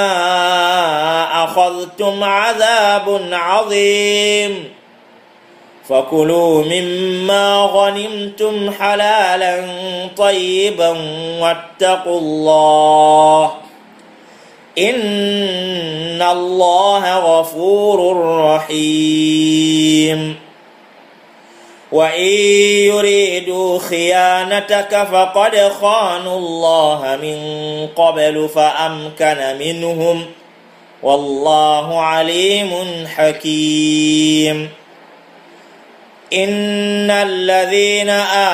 أخذتم عذاب عظيم فكلوا مما غنمتم حلالا طيبا واتقوا الله ان الله غفور رحيم وان يريدوا خيانتك فقد خانوا الله من قبل فامكن منهم والله عليم حكيم إن الذين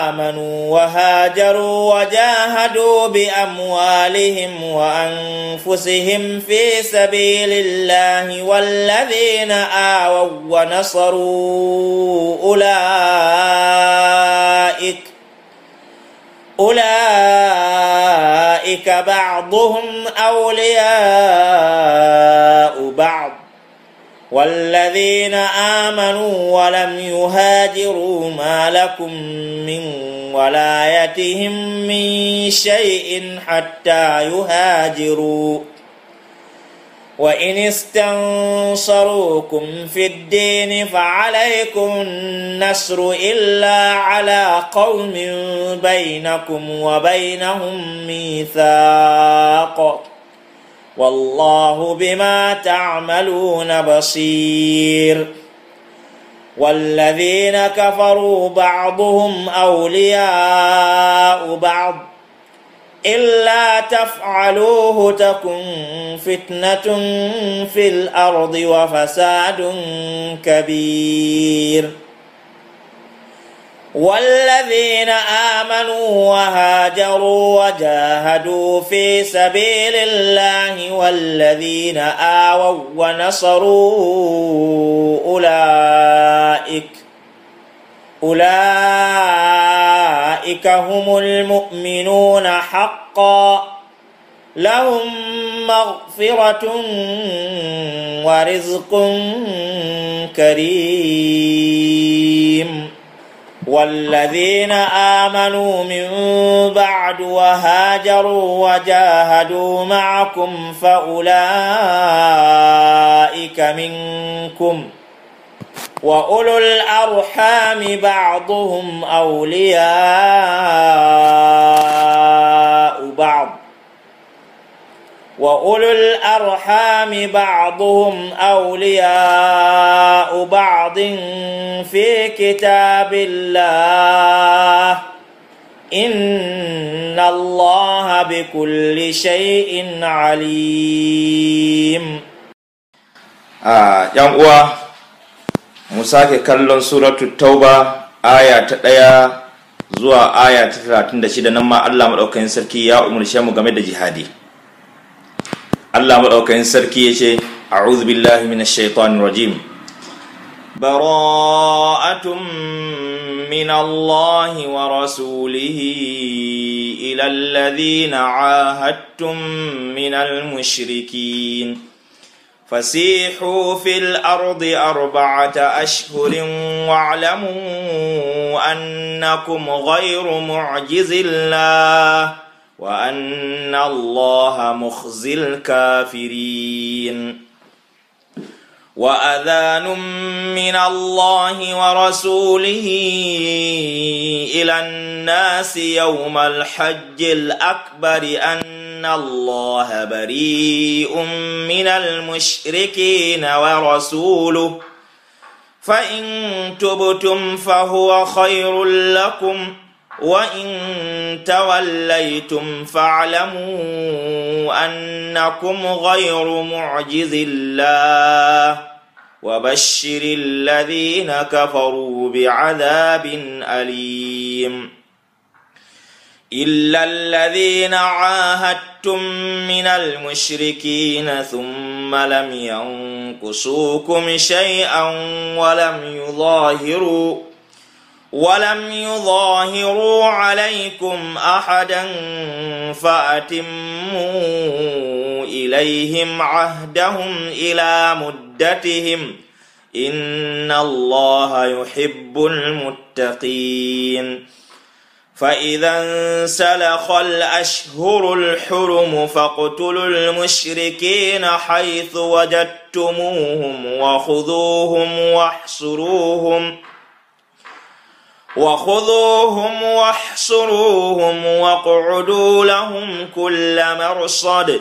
آمنوا وهاجروا وجاهدوا بأموالهم وأنفسهم في سبيل الله والذين آووا ونصروا أولئك أولئك بعضهم أولياء بعض والذين آمنوا ولم يهاجروا ما لكم من ولايتهم من شيء حتى يهاجروا وإن استنصروكم في الدين فعليكم النصر إلا على قوم بينكم وبينهم ميثاق والله بما تعملون بصير والذين كفروا بعضهم اولياء بعض الا تفعلوه تكن فتنه في الارض وفساد كبير والذين آمنوا وهاجروا وجاهدوا في سبيل الله والذين آووا ونصروا أولئك أولئك هم المؤمنون حقا لهم مغفرة ورزق كريم والذين آمنوا من بعد وهاجروا وجاهدوا معكم فأولئك منكم وأولو الأرحام بعضهم أولياء بعض وأولو الأرحام بعضهم أولياء بعض في كتاب الله إن الله بكل شيء عليم آه ينقوى مساكي كلون سورة التوبة آية تتليا zuwa aya ta 36 nan ma Allah madaukakin sarki ya umarce mu game da jihadi الله مدوكين سركي يجي اعوذ بالله من الشيطان الرجيم براءة من الله ورسوله إلى الذين عاهدتم من المشركين فسيحوا في الأرض أربعة أشهر واعلموا أنكم غير معجز الله وأن الله مخزي الكافرين وأذان من الله ورسوله إلى الناس يوم الحج الأكبر أن الله بريء من المشركين ورسوله فإن تبتم فهو خير لكم ۖ وإن توليتم فاعلموا أنكم غير معجز الله وبشر الذين كفروا بعذاب أليم إلا الذين عاهدتم من المشركين ثم لم ينقصوكم شيئا ولم يظاهروا ولم يظاهروا عليكم احدا فاتموا اليهم عهدهم الى مدتهم ان الله يحب المتقين فاذا انسلخ الاشهر الحرم فاقتلوا المشركين حيث وجدتموهم وخذوهم واحصروهم وخذوهم واحصروهم واقعدوا لهم كل مرصد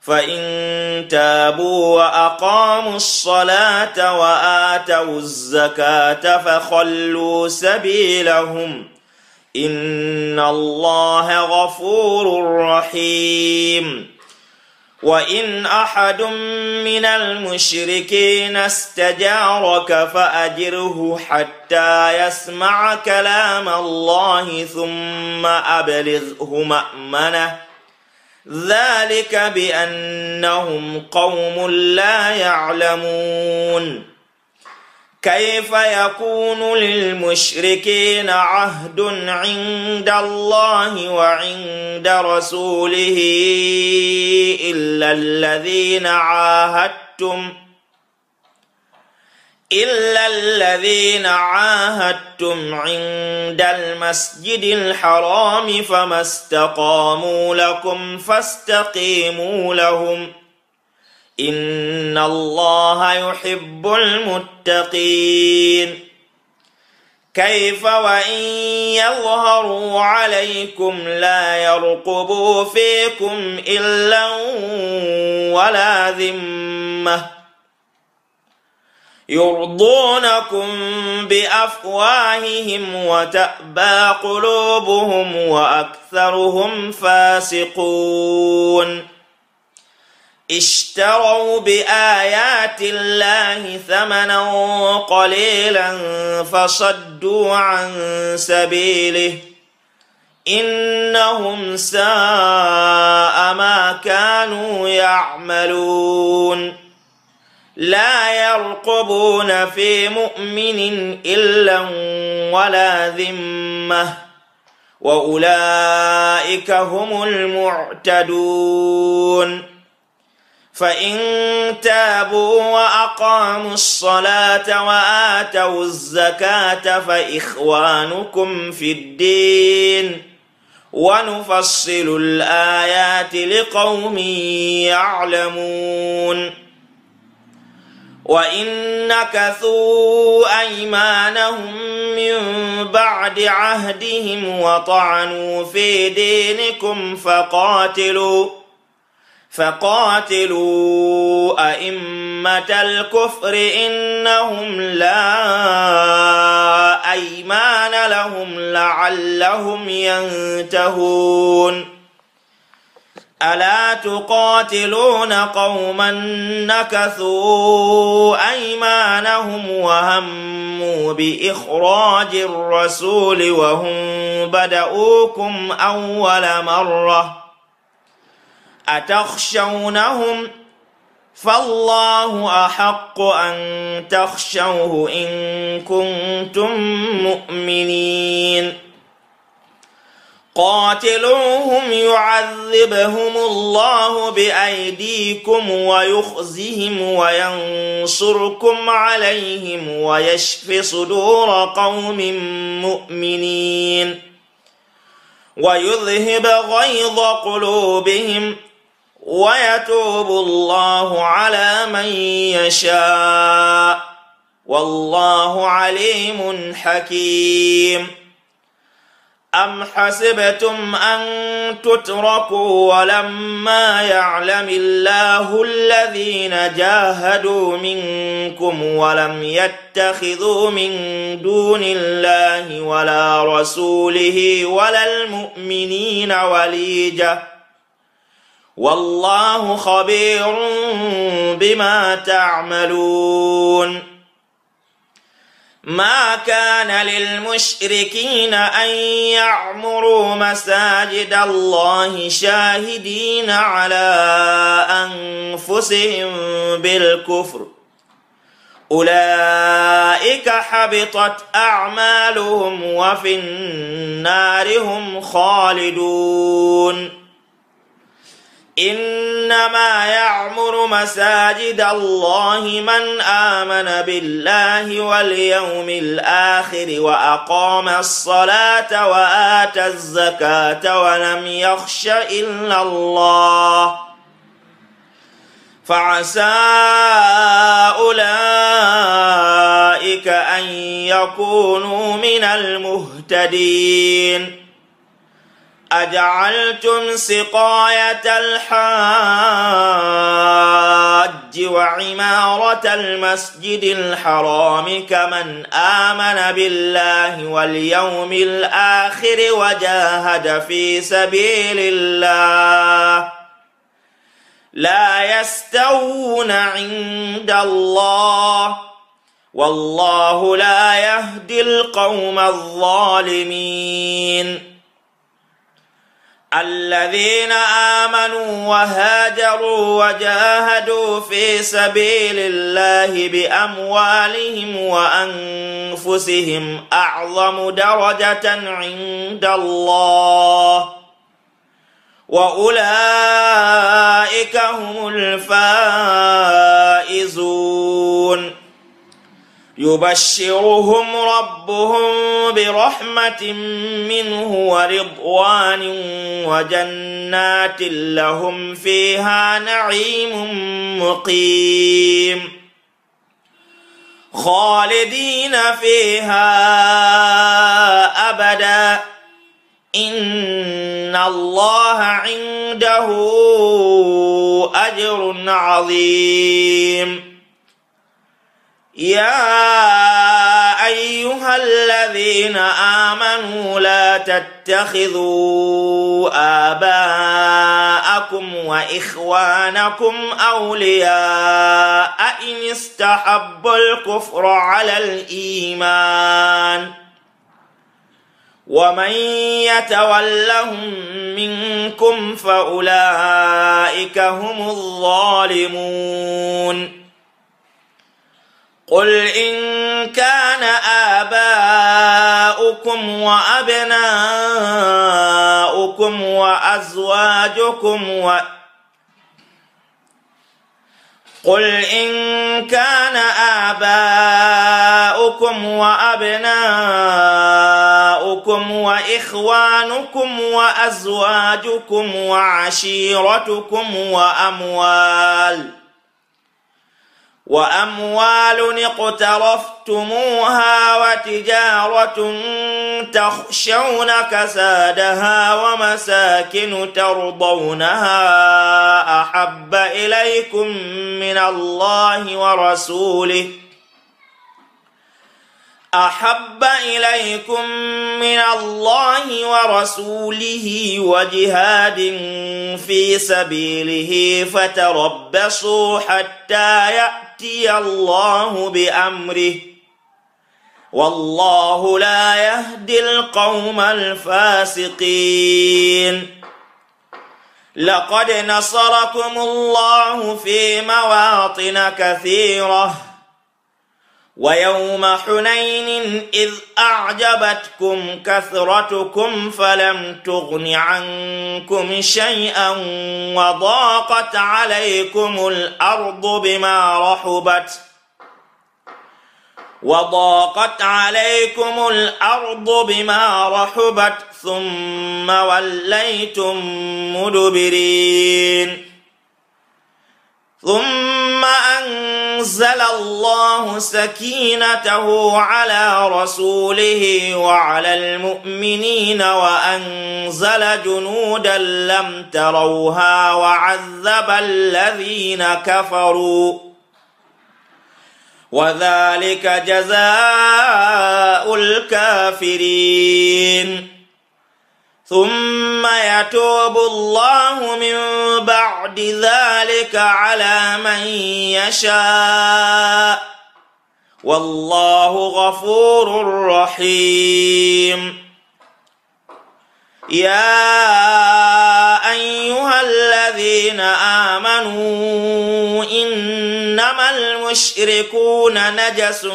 فإن تابوا وأقاموا الصلاة وآتوا الزكاة فخلوا سبيلهم إن الله غفور رحيم وإن أحد من المشركين استجارك فأجره حتى يسمع كلام الله ثم أبلغه مأمنه ذلك بأنهم قوم لا يعلمون كيف يكون للمشركين عهد عند الله وعند رسوله إلا الذين عاهدتم إلا الذين عاهدتم عند المسجد الحرام فما استقاموا لكم فاستقيموا لهم ۖ إن الله يحب المتقين كيف وإن يظهروا عليكم لا يرقبوا فيكم إلا ولا ذمة يرضونكم بأفواههم وتأبى قلوبهم وأكثرهم فاسقون اشتروا بآيات الله ثمنا قليلا فصدوا عن سبيله إنهم ساء ما كانوا يعملون لا يرقبون في مؤمن إلا ولا ذمة وأولئك هم المعتدون فإن تابوا وأقاموا الصلاة وآتوا الزكاة فإخوانكم في الدين ونفصل الآيات لقوم يعلمون وإن نكثوا أيمانهم من بعد عهدهم وطعنوا في دينكم فقاتلوا فقاتلوا أئمة الكفر إنهم لا أيمان لهم لعلهم ينتهون ألا تقاتلون قوما نكثوا أيمانهم وهموا بإخراج الرسول وهم بدؤوكم أول مرة أتخشونهم فالله أحق أن تخشوه إن كنتم مؤمنين قاتلوهم يعذبهم الله بأيديكم ويخزهم وينصركم عليهم ويشف صدور قوم مؤمنين ويذهب غيظ قلوبهم ۖ ويتوب الله على من يشاء والله عليم حكيم أم حسبتم أن تتركوا ولما يعلم الله الذين جاهدوا منكم ولم يتخذوا من دون الله ولا رسوله ولا المؤمنين وليجه والله خبير بما تعملون ما كان للمشركين أن يعمروا مساجد الله شاهدين على أنفسهم بالكفر أولئك حبطت أعمالهم وفي النار هم خالدون إنما يعمر مساجد الله من آمن بالله واليوم الآخر وأقام الصلاة وآتى الزكاة ولم يخش إلا الله فعسى أولئك أن يكونوا من المهتدين أجعلتم سقاية الحاج وعمارة المسجد الحرام كمن آمن بالله واليوم الآخر وجاهد في سبيل الله لا يستوون عند الله والله لا يهدي القوم الظالمين الذين آمنوا وهاجروا وجاهدوا في سبيل الله بأموالهم وأنفسهم أعظم درجة عند الله وأولئك هم الفائزون يبشرهم ربهم برحمة منه ورضوان وجنات لهم فيها نعيم مقيم خالدين فيها أبدا إن الله عنده أجر عظيم يا ايها الذين امنوا لا تتخذوا اباءكم واخوانكم اولياء ان استحبوا الكفر على الايمان ومن يتولهم منكم فاولئك هم الظالمون قل إن كان آباؤكم وأبناؤكم وأزواجكم و قل إن كان آباؤكم وأبناؤكم وإخوانكم وأزواجكم وعشيرتكم وأموال ۖ واموال اقترفتموها وتجاره تخشون كسادها ومساكن ترضونها احب اليكم من الله ورسوله احب اليكم من الله ورسوله وجهاد في سبيله فتربصوا حتى ياتي يأتي الله بأمره والله لا يهدي القوم الفاسقين لقد نصركم الله في مواطن كثيره ويوم حنين إذ أعجبتكم كثرتكم فلم تغن عنكم شيئا وضاقت عليكم الأرض بما رحبت وضاقت عليكم الأرض بما رحبت ثم وليتم مدبرين ثم ثم أنزل الله سكينته على رسوله وعلى المؤمنين وأنزل جنودا لم تروها وعذب الذين كفروا وذلك جزاء الكافرين ثم يتوب الله من بعد ذلك على من يشاء والله غفور رحيم يا أيها الذين آمنوا إنما المشركون نجس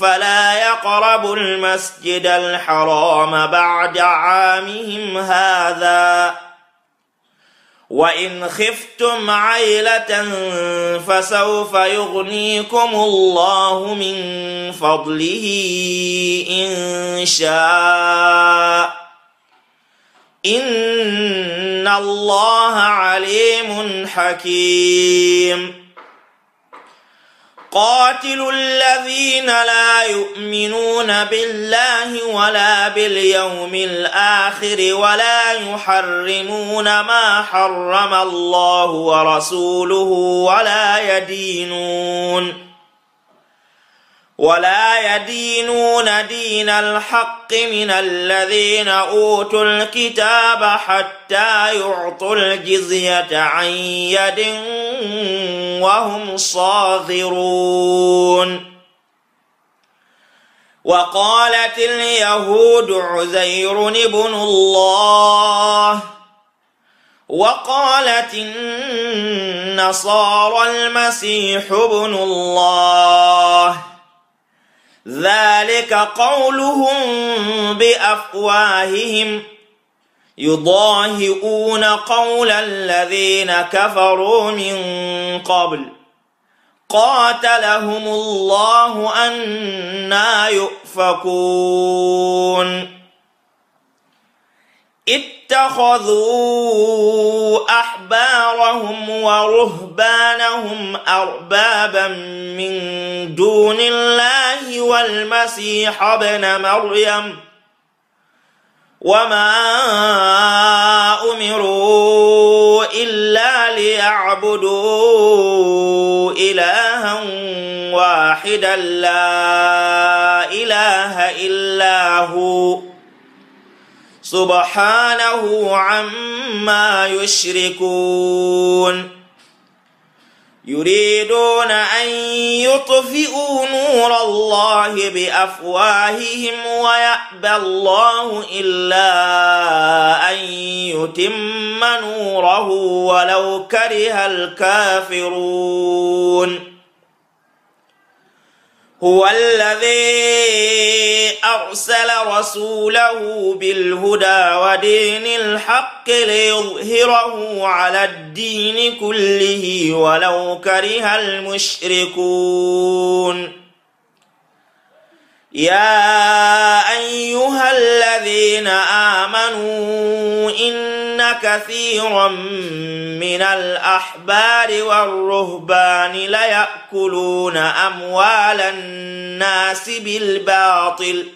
فلا يقربوا المسجد الحرام بعد عامهم هذا وإن خفتم عيلة فسوف يغنيكم الله من فضله إن شاء إن الله عليم حكيم قاتل الذين لا يؤمنون بالله ولا باليوم الآخر ولا يحرمون ما حرم الله ورسوله ولا يدينون ولا يدينون دين الحق من الذين اوتوا الكتاب حتى يعطوا الجزيه عن يد وهم صاغرون وقالت اليهود عزير بن الله وقالت النصارى المسيح بن الله ذلك قولهم بافواههم يضاهئون قول الذين كفروا من قبل قاتلهم الله انا يؤفكون اتخذوا احبارهم ورهبانهم اربابا من دون الله والمسيح ابن مريم وما امروا الا ليعبدوا الها واحدا لا اله الا هو سبحانه عما يشركون يريدون أن يطفئوا نور الله بأفواههم ويأبى الله إلا أن يتم نوره ولو كره الكافرون هو الذي أرسل رسوله بالهدى ودين الحق ليظهره على الدين كله ولو كره المشركون يا أيها الذين آمنوا إن كثيرا من الأحبار والرهبان ليأكلون أموال الناس بالباطل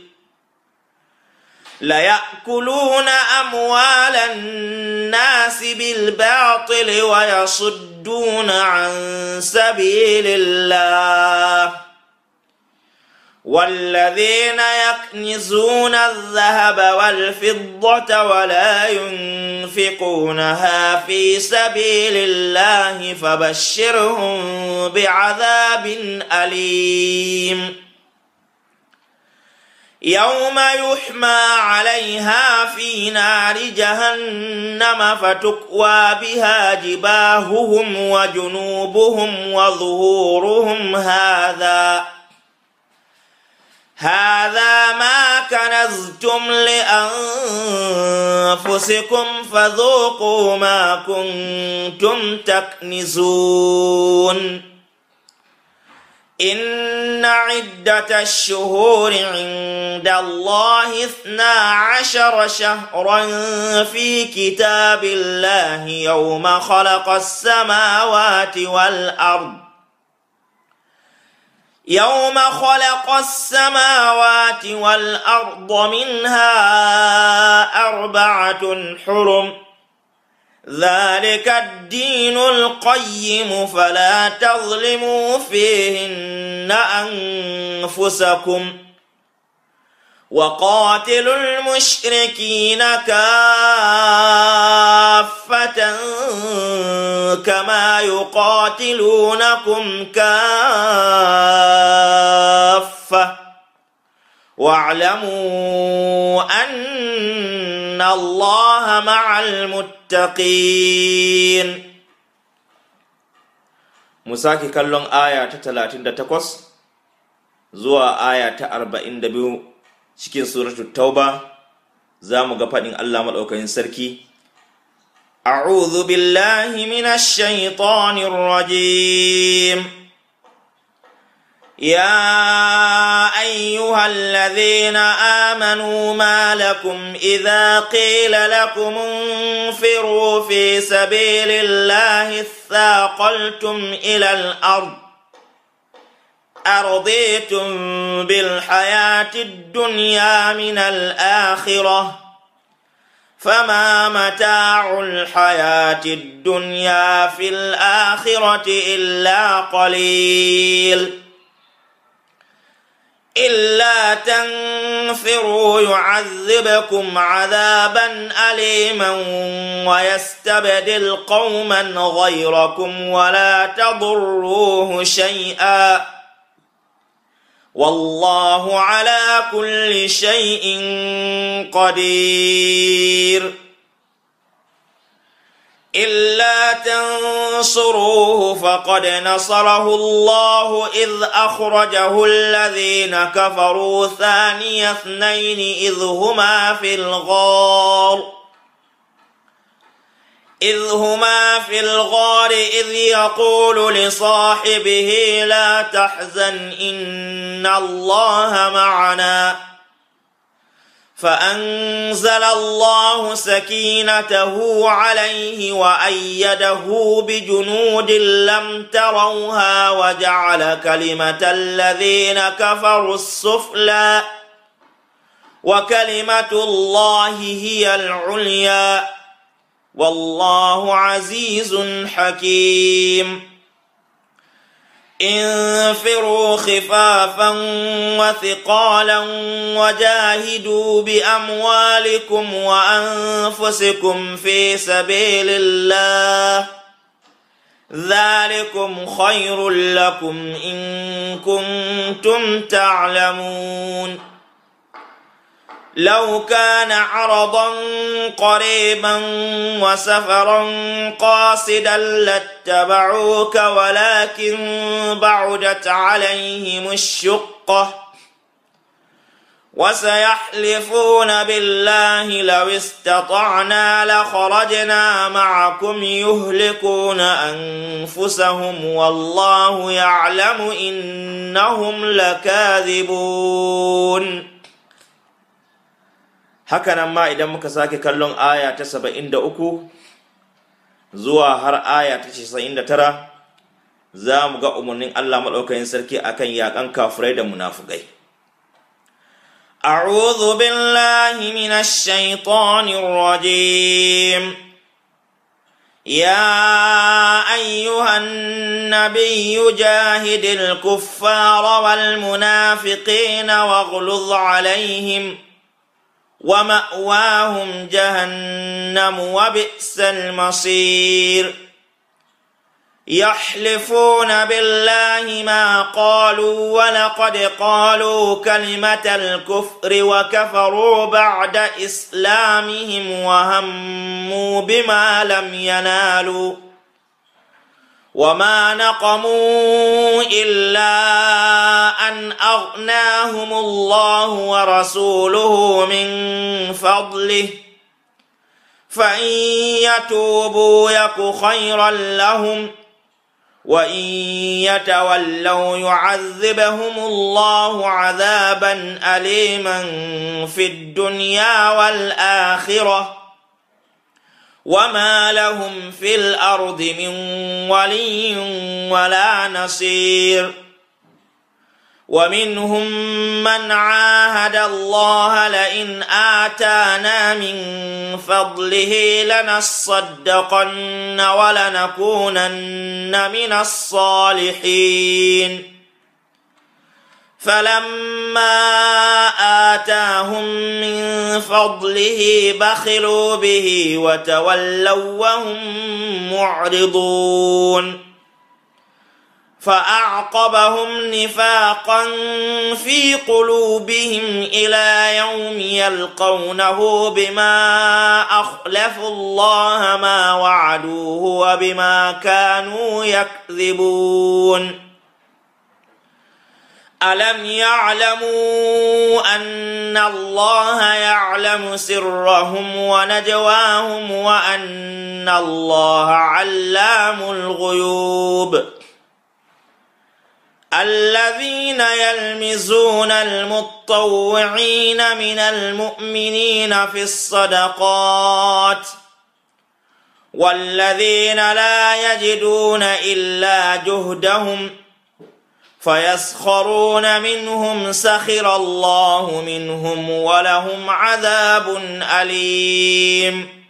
ليأكلون أموال الناس بالباطل ويصدون عن سبيل الله والذين يكنزون الذهب والفضة ولا ينفقونها في سبيل الله فبشرهم بعذاب أليم يوم يحمى عليها في نار جهنم فتكوى بها جباههم وجنوبهم وظهورهم هذا هذا ما كنزتم لأنفسكم فذوقوا ما كنتم تكنزون إن عدة الشهور عند الله اثنا عشر شهرا في كتاب الله يوم خلق السماوات والأرض يوم خلق السماوات والأرض منها أربعة حرم ذلك الدين القيم فلا تظلموا فيهن أنفسكم ۖ وقاتلوا المشركين كافة كما يقاتلونكم كافة واعلموا أن الله مع المتقين مساكي كاللون آية تقص زوى آية 42 cikin suratul tauba za mu ga faɗin Allah maɗaukakin sarki a'udhu billahi minash shaitanir rajim ya ayyuhal ladhina amanu ma lakum idha qila lakum انfiru fi sabilillahi thaqaltum ila al-ard أرضيتم بالحياة الدنيا من الآخرة فما متاع الحياة الدنيا في الآخرة إلا قليل إلا تنفروا يعذبكم عذابا أليما ويستبدل قوما غيركم ولا تضروه شيئا والله على كل شيء قدير إلا تنصروه فقد نصره الله إذ أخرجه الذين كفروا ثاني اثنين إذ هما في الغار إذ هما في الغار إذ يقول لصاحبه لا تحزن إن الله معنا فأنزل الله سكينته عليه وأيده بجنود لم تروها وجعل كلمة الذين كفروا السفلى وكلمة الله هي العليا والله عزيز حكيم انفروا خفافا وثقالا وجاهدوا باموالكم وانفسكم في سبيل الله ذلكم خير لكم ان كنتم تعلمون لو كان عرضا قريبا وسفرا قاصدا لاتبعوك ولكن بعدت عليهم الشقة وسيحلفون بالله لو استطعنا لخرجنا معكم يهلكون أنفسهم والله يعلم إنهم لكاذبون haka nan ma idan muka sake kallon aya ta saba'in da uku zuwa har aya ta casa'in da tara za mu ga umarnin Allah maɗaukakin sarki akan yakan kafirai da munafukai أعوذ بالله من الشيطان الرجيم يا أيها النبي جاهد الكفار والمنافقين واغلظ عليهم ۖ ومأواهم جهنم وبئس المصير يحلفون بالله ما قالوا ولقد قالوا كلمة الكفر وكفروا بعد إسلامهم وهموا بما لم ينالوا وما نقموا إلا أن أغناهم الله ورسوله من فضله فإن يتوبوا يك خيرا لهم وإن يتولوا يعذبهم الله عذابا أليما في الدنيا والآخرة وما لهم في الأرض من ولي ولا نصير ومنهم من عاهد الله لئن آتانا من فضله لنصدقن ولنكونن من الصالحين فلما آتاهم من فضله بخلوا به وتولوا وهم معرضون فأعقبهم نفاقا في قلوبهم إلى يوم يلقونه بما أخلفوا الله ما وعدوه وبما كانوا يكذبون ألم يعلموا أن الله يعلم سرهم ونجواهم وأن الله علام الغيوب الذين يلمزون المطوعين من المؤمنين في الصدقات ۖ والذين لا يجدون إلا جهدهم فيسخرون منهم سخر الله منهم ولهم عذاب أليم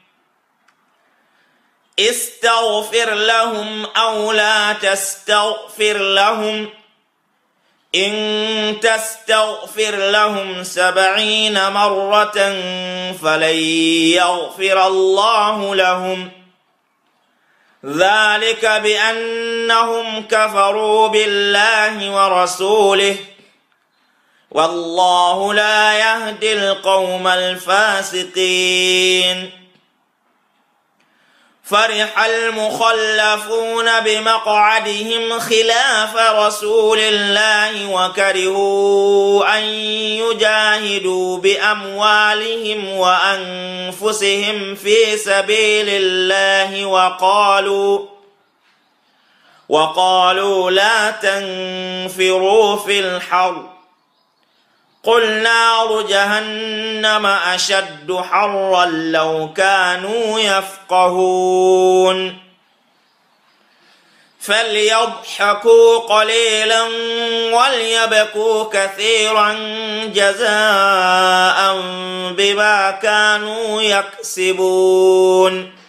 استغفر لهم أو لا تستغفر لهم إن تستغفر لهم سبعين مرة فلن يغفر الله لهم ۖ ذلك بأنهم كفروا بالله ورسوله والله لا يهدي القوم الفاسقين فرح المخلفون بمقعدهم خلاف رسول الله وكرهوا أن يجاهدوا بأموالهم وأنفسهم في سبيل الله وقالوا وقالوا لا تنفروا في الحرب قل نار جهنم أشد حرا لو كانوا يفقهون فليضحكوا قليلا وليبكوا كثيرا جزاء بما كانوا يكسبون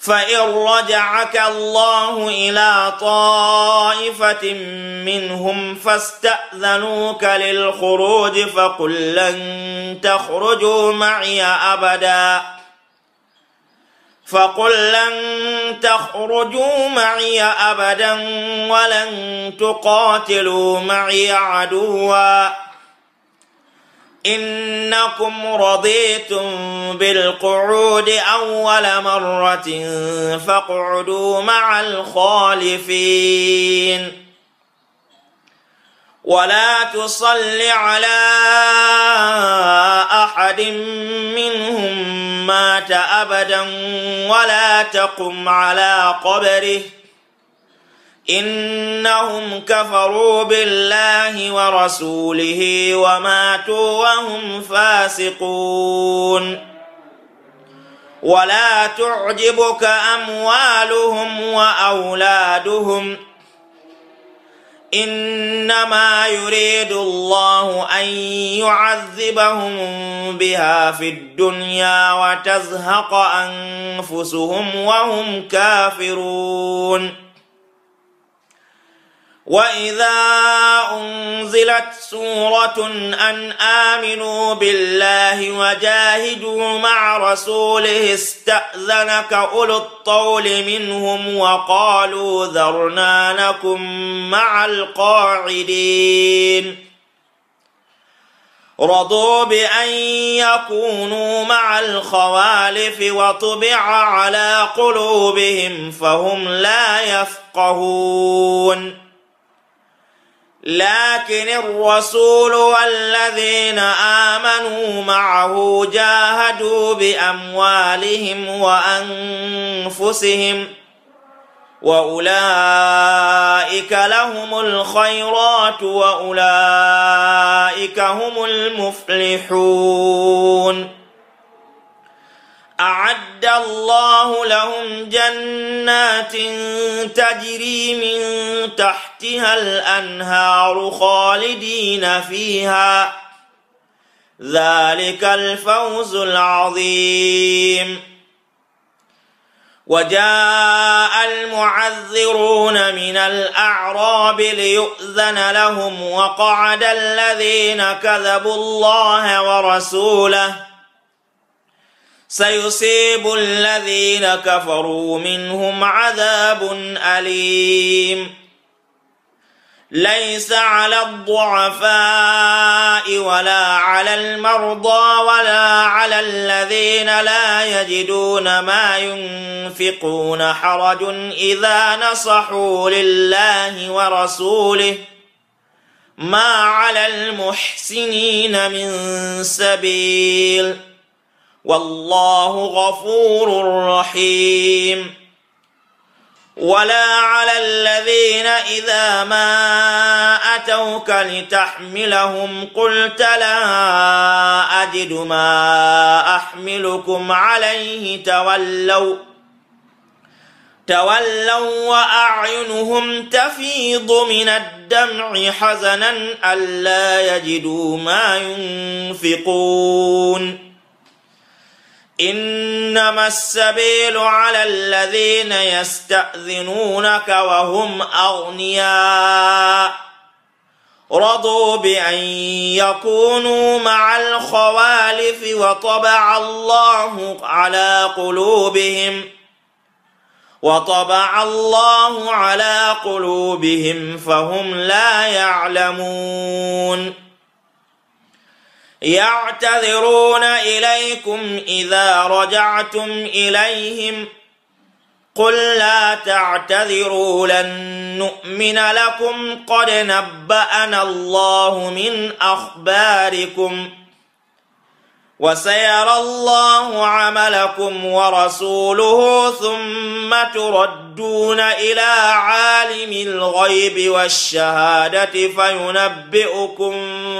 فإن رجعك الله إلى طائفة منهم فاستأذنوك للخروج فقل لن تخرجوا معي أبدا فقل لن تخرجوا معي أبدا ولن تقاتلوا معي عدواً إنكم رضيتم بالقعود أول مرة فاقعدوا مع الخالفين ولا تصل على أحد منهم مات أبدا ولا تقم على قبره إنهم كفروا بالله ورسوله وماتوا وهم فاسقون ولا تعجبك أموالهم وأولادهم إنما يريد الله أن يعذبهم بها في الدنيا وتزهق أنفسهم وهم كافرون وإذا أنزلت سورة أن آمنوا بالله وجاهدوا مع رسوله استأذنك أولو الطول منهم وقالوا ذرنا لكم مع القاعدين رضوا بأن يكونوا مع الخوالف وطبع على قلوبهم فهم لا يفقهون لكن الرسول والذين آمنوا معه جاهدوا بأموالهم وأنفسهم وأولئك لهم الخيرات وأولئك هم المفلحون أعد الله لهم جنات تجري من تحتها الأنهار خالدين فيها ذلك الفوز العظيم وجاء المعذرون من الأعراب ليؤذن لهم وقعد الذين كذبوا الله ورسوله سيصيب الذين كفروا منهم عذاب أليم ليس على الضعفاء ولا على المرضى ولا على الذين لا يجدون ما ينفقون حرج إذا نصحوا لله ورسوله ما على المحسنين من سبيل والله غفور رحيم ولا على الذين إذا ما أتوك لتحملهم قلت لا أجد ما أحملكم عليه تولوا تولوا وأعينهم تفيض من الدمع حزنا ألا يجدوا ما ينفقون إنما السبيل على الذين يستأذنونك وهم أغنياء رضوا بأن يكونوا مع الخوالف وطبع الله على قلوبهم وطبع الله على قلوبهم فهم لا يعلمون يعتذرون إليكم إذا رجعتم إليهم قل لا تعتذروا لن نؤمن لكم قد نبأنا الله من أخباركم ۖ وسيرى الله عملكم ورسوله ثم تردون إلى عالم الغيب والشهادة فينبئكم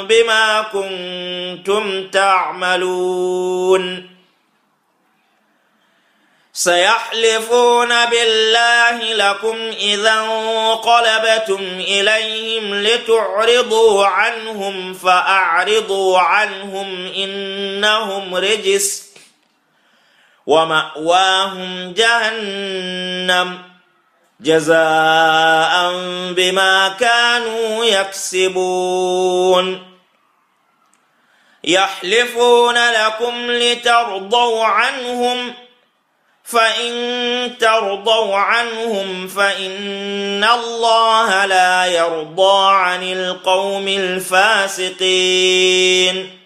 بما كنتم تعملون سيحلفون بالله لكم إذا انقلبتم إليهم لتعرضوا عنهم فأعرضوا عنهم إنهم رجس ومأواهم جهنم جزاء بما كانوا يكسبون يحلفون لكم لترضوا عنهم ۖ فإن ترضوا عنهم فإن الله لا يرضى عن القوم الفاسقين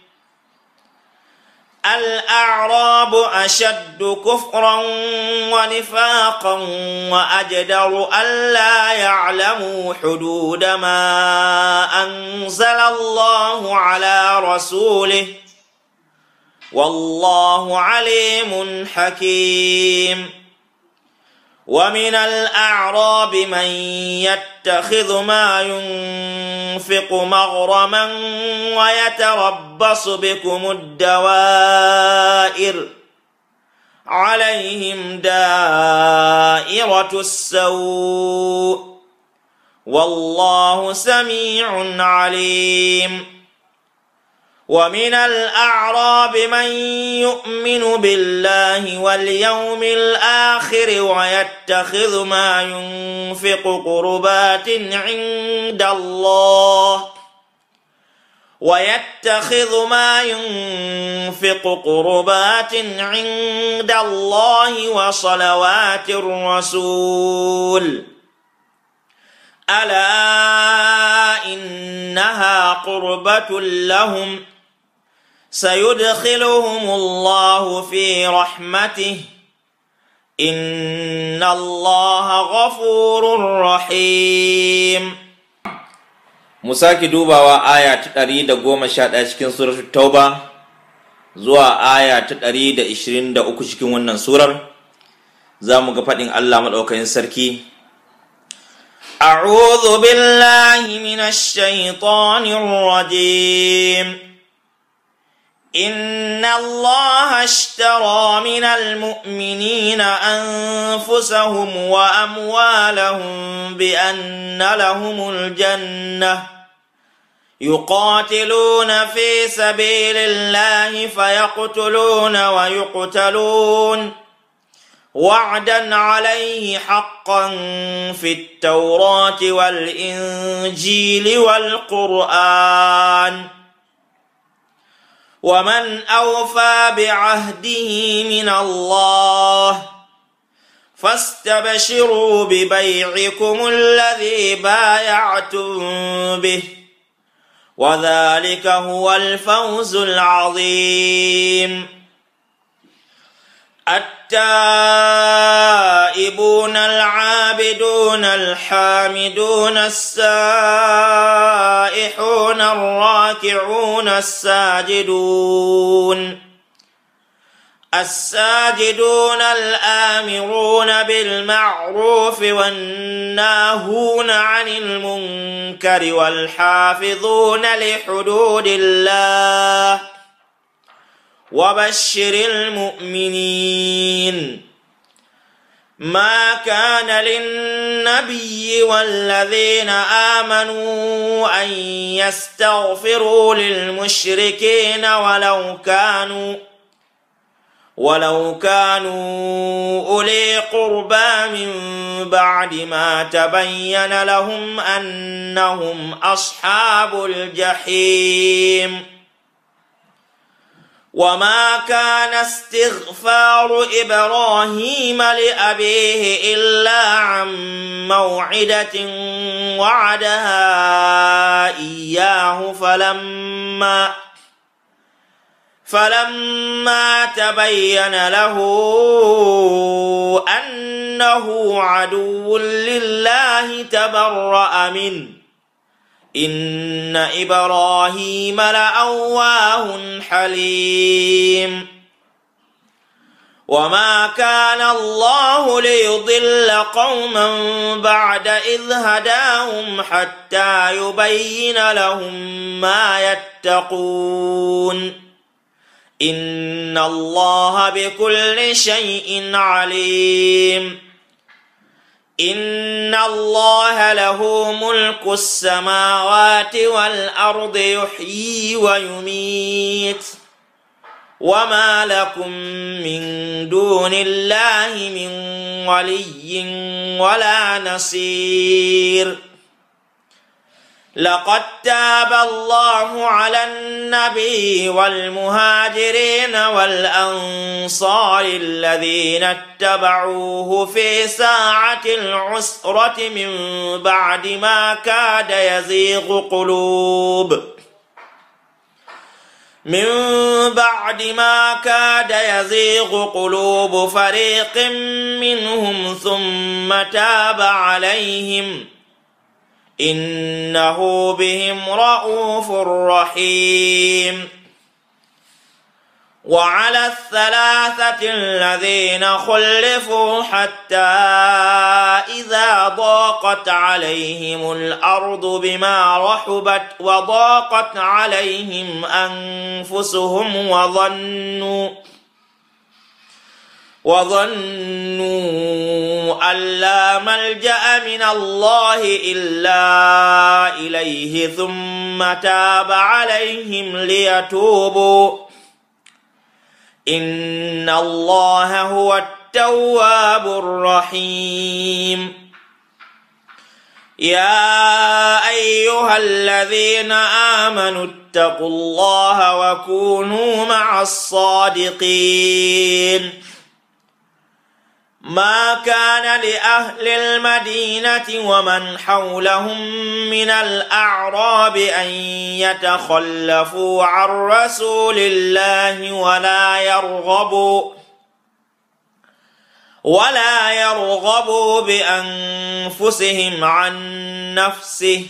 الأعراب أشد كفرا ونفاقا وأجدر ألا يعلموا حدود ما أنزل الله على رسوله والله عليم حكيم ومن الأعراب من يتخذ ما ينفق مغرما ويتربص بكم الدوائر عليهم دائرة السوء والله سميع عليم ومن الأعراب من يؤمن بالله واليوم الآخر ويتخذ ما ينفق قربات عند الله ويتخذ ما ينفق قربات عند الله وصلوات الرسول ألا إنها قربة لهم ۖ سيدخلهم الله في رحمته إن الله غفور رحيم مساكي دوبا وآية تقريد قوم شاد أشكين سورة التوبة زوا آية تقريد إشرين دا أكشكين ونن سورة زامو قفتن الله مدعوكين سركي أعوذ بالله من الشيطان الرجيم إن الله اشترى من المؤمنين أنفسهم وأموالهم بأن لهم الجنة يقاتلون في سبيل الله فيقتلون ويقتلون وعدا عليه حقا في التوراة والإنجيل والقرآن ومن أوفى بعهده من الله فاستبشروا ببيعكم الذي بايعتم به وذلك هو الفوز العظيم التائبون العابدون الحامدون السائحون الراكعون الساجدون الساجدون الآمرون بالمعروف والناهون عن المنكر والحافظون لحدود الله وبشر المؤمنين ما كان للنبي والذين آمنوا أن يستغفروا للمشركين ولو كانوا ولو كانوا أولي قربى من بعد ما تبين لهم أنهم أصحاب الجحيم وما كان استغفار إبراهيم لأبيه إلا عن موعدة وعدها إياه فلما فلما تبين له أنه عدو لله تبرأ منه إن إبراهيم لأواه حليم وما كان الله ليضل قوما بعد إذ هداهم حتى يبين لهم ما يتقون إن الله بكل شيء عليم إن الله له ملك السماوات والأرض يحيي ويميت وما لكم من دون الله من ولي ولا نصير لقد تاب الله على النبي والمهاجرين والأنصار الذين اتبعوه في ساعة العسرة من بعد ما كاد يزيغ قلوب من بعد ما كاد يزيغ قلوب فريق منهم ثم تاب عليهم ۖ إنه بهم رؤوف رحيم وعلى الثلاثة الذين خلفوا حتى إذا ضاقت عليهم الأرض بما رحبت وضاقت عليهم أنفسهم وظنوا وظنوا أن لا ملجأ من الله إلا إليه ثم تاب عليهم ليتوبوا إن الله هو التواب الرحيم يا أيها الذين آمنوا اتقوا الله وكونوا مع الصادقين ما كان لأهل المدينة ومن حولهم من الأعراب أن يتخلفوا عن رسول الله ولا يرغبوا ولا يرغبوا بأنفسهم عن نفسه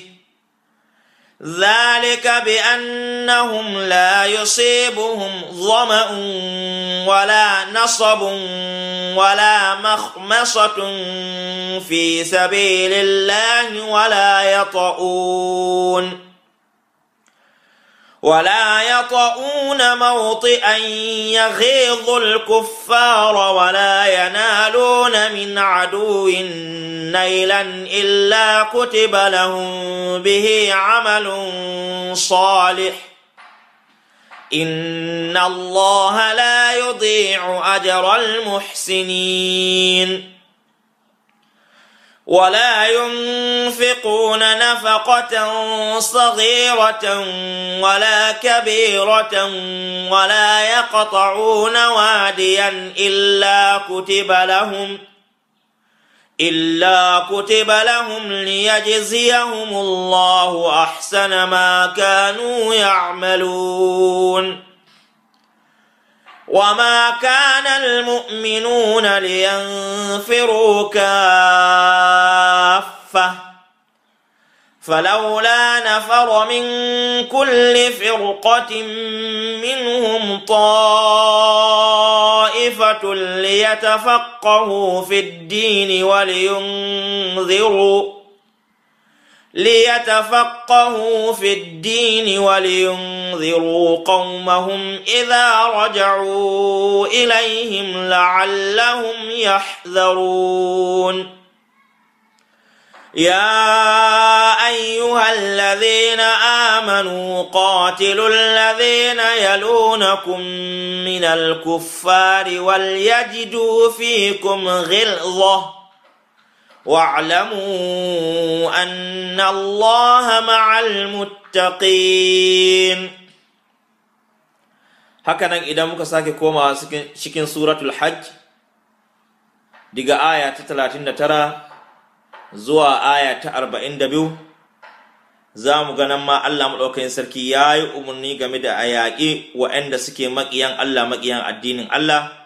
ذلك بأنهم لا يصيبهم ظمأ ولا نصب ولا مخمصة في سبيل الله ولا يطؤون ولا يطؤون موطئا يغيظ الكفار ولا ينالون من عدو نيلا إلا كتب لهم به عمل صالح إن الله لا يضيع أجر المحسنين ولا ينفقون نفقة صغيرة ولا كبيرة ولا يقطعون واديا إلا كتب لهم إلا كتب لهم ليجزيهم الله أحسن ما كانوا يعملون وما كان المؤمنون لينفروا كافة فلولا نفر من كل فرقة منهم طائفة ليتفقهوا في الدين ولينذروا ليتفقهوا في الدين ولينذروا قومهم إذا رجعوا إليهم لعلهم يحذرون يا أيها الذين آمنوا قاتلوا الذين يلونكم من الكفار وليجدوا فيكم غلظة واعلموا أن الله مع المتقين hakanan idan muka sake komawa cikin suratul hajj diga aya ta 39 zuwa aya ta 42 za mu ganin ma Allah maɗaukakin sarki ya yi umarni game da a yaƙi waɗanda suke maƙiyan Allah maƙiyan addinin Allah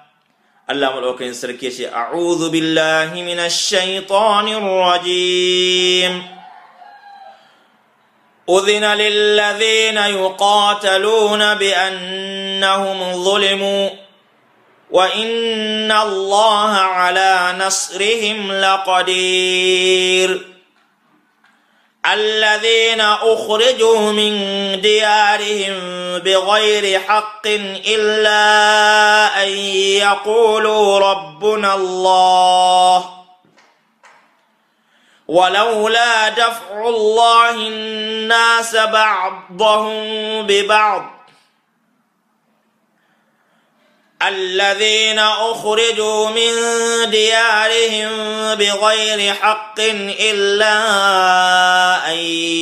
الله ملوكين سركيشي أعوذ بالله من الشيطان الرجيم أذن للذين يقاتلون بأنهم ظلموا وإن الله على نصرهم لقدير الذين أخرجوا من ديارهم بغير حق إلا أن يقولوا ربنا الله ولولا دفع الله الناس بعضهم ببعض الذين أخرجوا من ديارهم بغير حق إلا أن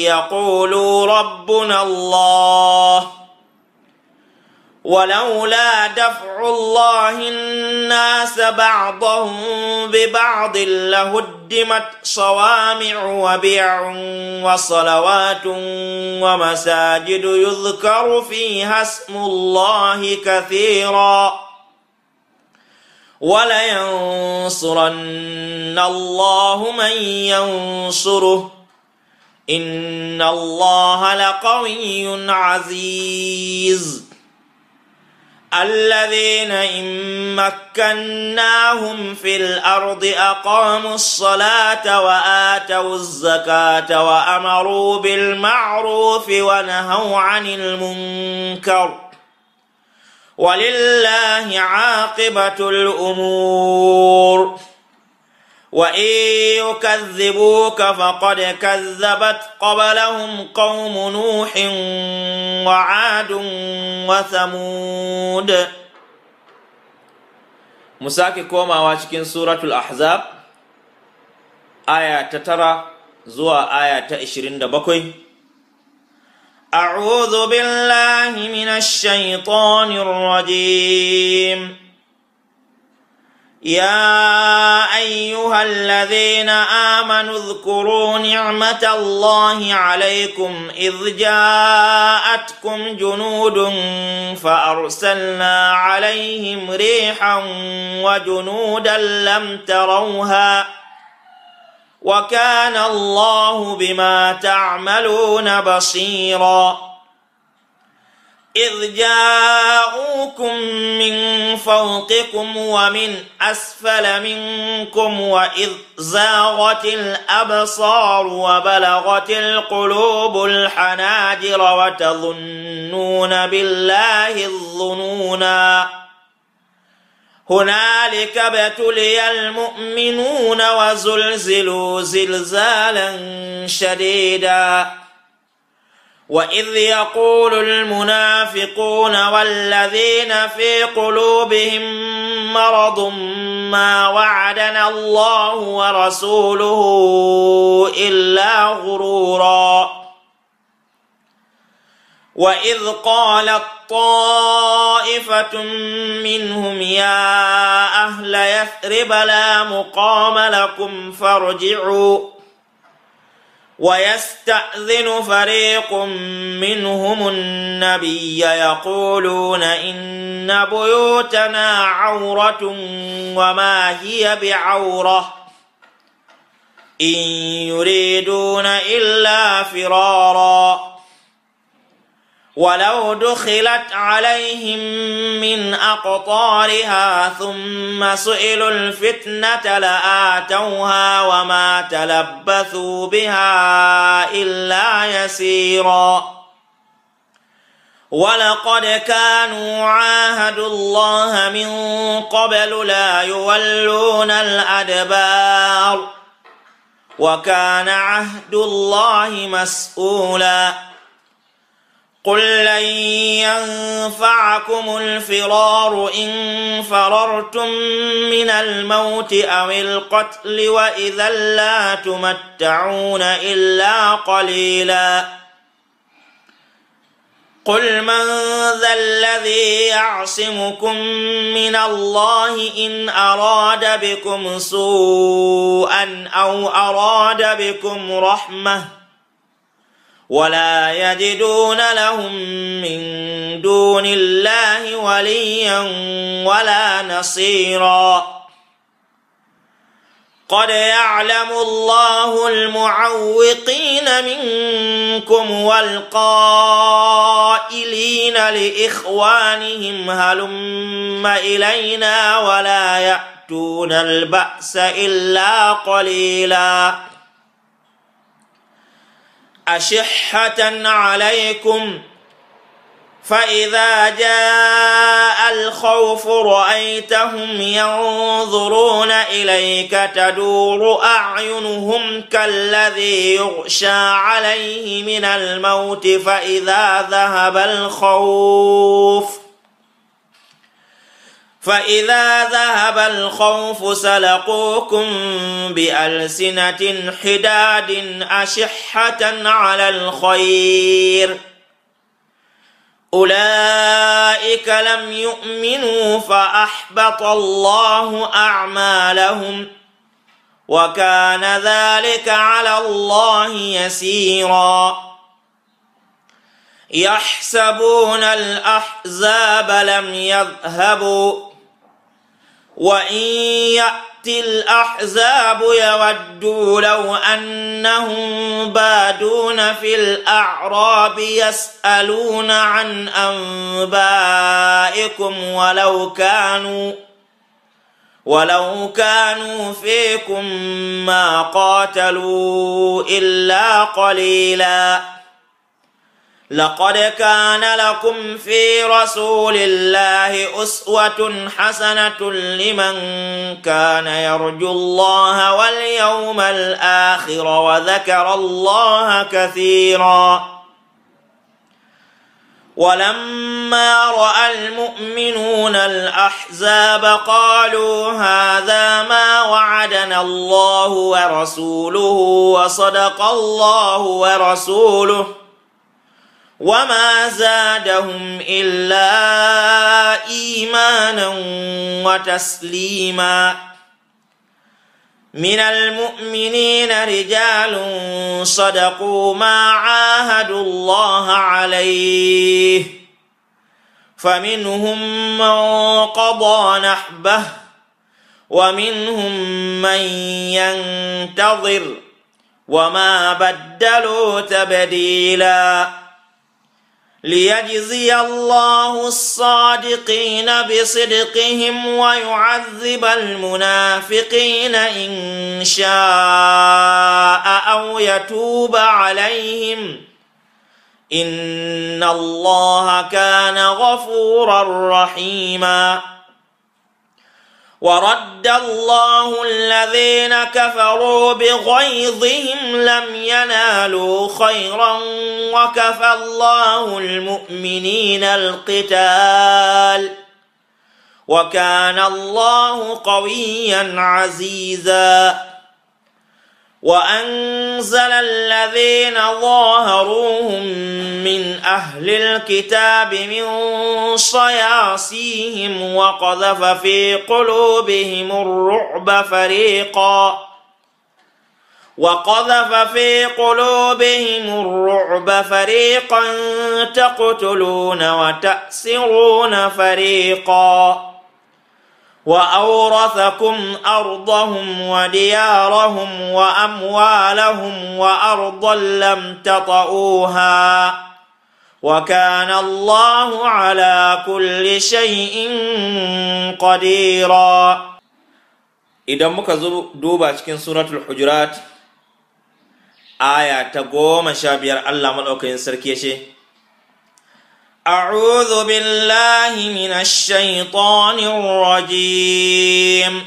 يقولوا ربنا الله ولولا دفع الله الناس بعضهم ببعض لهد قدمت صوامع وبيع وصلوات ومساجد يذكر فيها اسم الله كثيرا ولينصرن الله من ينصره إن الله لقوي عزيز الذين إن مكناهم في الأرض أقاموا الصلاة وآتوا الزكاة وأمروا بالمعروف ونهوا عن المنكر ولله عاقبة الأمور wa iyo kazzibu ka faƙar da kazzabat ƙwabalahun ƙwamu nuhin wa adun wata mu mu sake komawa cikin suratul ahzab ayata tara zuwa ayata ishirin da bakwai a ruzubin lahimina shaitonin يا ايها الذين امنوا اذكروا نعمه الله عليكم اذ جاءتكم جنود فارسلنا عليهم ريحا وجنودا لم تروها وكان الله بما تعملون بصيرا إذ جاءوكم فوقكم ومن أسفل منكم وإذ زاغت الأبصار وبلغت القلوب الحناجر وتظنون بالله الظنونا هنالك ابتلي المؤمنون وزلزلوا زلزالا شديدا وإذ يقول المنافقون والذين في قلوبهم مرض ما وعدنا الله ورسوله إلا غرورا وإذ قالت طائفة منهم يا أهل يثرب لا مقام لكم فارجعوا ويستأذن فريق منهم النبي يقولون إن بيوتنا عورة وما هي بعورة إن يريدون إلا فرارا ولو دخلت عليهم من أقطارها ثم سئلوا الفتنة لآتوها وما تلبثوا بها إلا يسيرا ولقد كانوا عاهدوا الله من قبل لا يولون الأدبار وكان عهد الله مسؤولاً قل لن ينفعكم الفرار إن فررتم من الموت أو القتل وإذا لا تمتعون إلا قليلا قل من ذا الذي يعصمكم من الله إن أراد بكم سوءا أو أراد بكم رحمةً ولا يجدون لهم من دون الله وليا ولا نصيرا قد يعلم الله المعوقين منكم والقائلين لاخوانهم هلم الينا ولا ياتون الباس الا قليلا أشحة عليكم فإذا جاء الخوف رأيتهم ينظرون إليك تدور أعينهم كالذي يغشى عليه من الموت فإذا ذهب الخوف ۖ فإذا ذهب الخوف سلقوكم بألسنة حداد أشحة على الخير أولئك لم يؤمنوا فأحبط الله أعمالهم وكان ذلك على الله يسيرا يحسبون الأحزاب لم يذهبوا وإن يأتي الأحزاب يودوا لو أنهم بادون في الأعراب يسألون عن أنبائكم ولو كانوا ولو كانوا فيكم ما قاتلوا إلا قليلاً لقد كان لكم في رسول الله أسوة حسنة لمن كان يرجو الله واليوم الآخر وذكر الله كثيرا ولما رأى المؤمنون الأحزاب قالوا هذا ما وعدنا الله ورسوله وصدق الله ورسوله وما زادهم إلا إيمانا وتسليما من المؤمنين رجال صدقوا ما عاهدوا الله عليه فمنهم من قضى نحبه ومنهم من ينتظر وما بدلوا تبديلاً ليجزي الله الصادقين بصدقهم ويعذب المنافقين إن شاء أو يتوب عليهم إن الله كان غفورا رحيماً ورد الله الذين كفروا بغيظهم لم ينالوا خيرا وكفى الله المؤمنين القتال وكان الله قويا عزيزا وأنزل الذين ظاهروهم من أهل الكتاب من صياصيهم وقذف في قلوبهم الرعب فريقا وقذف في قلوبهم الرعب فريقا تقتلون وتأسرون فريقا وأورثكم أرضهم وديارهم وأموالهم وأرضا لم تطئوها وكان الله على كل شيء قديرا إذا مكا دوبا شكين سورة الحجرات آية تقوم شابير الله biyar Allah maɗaukakin أعوذ بالله من الشيطان الرجيم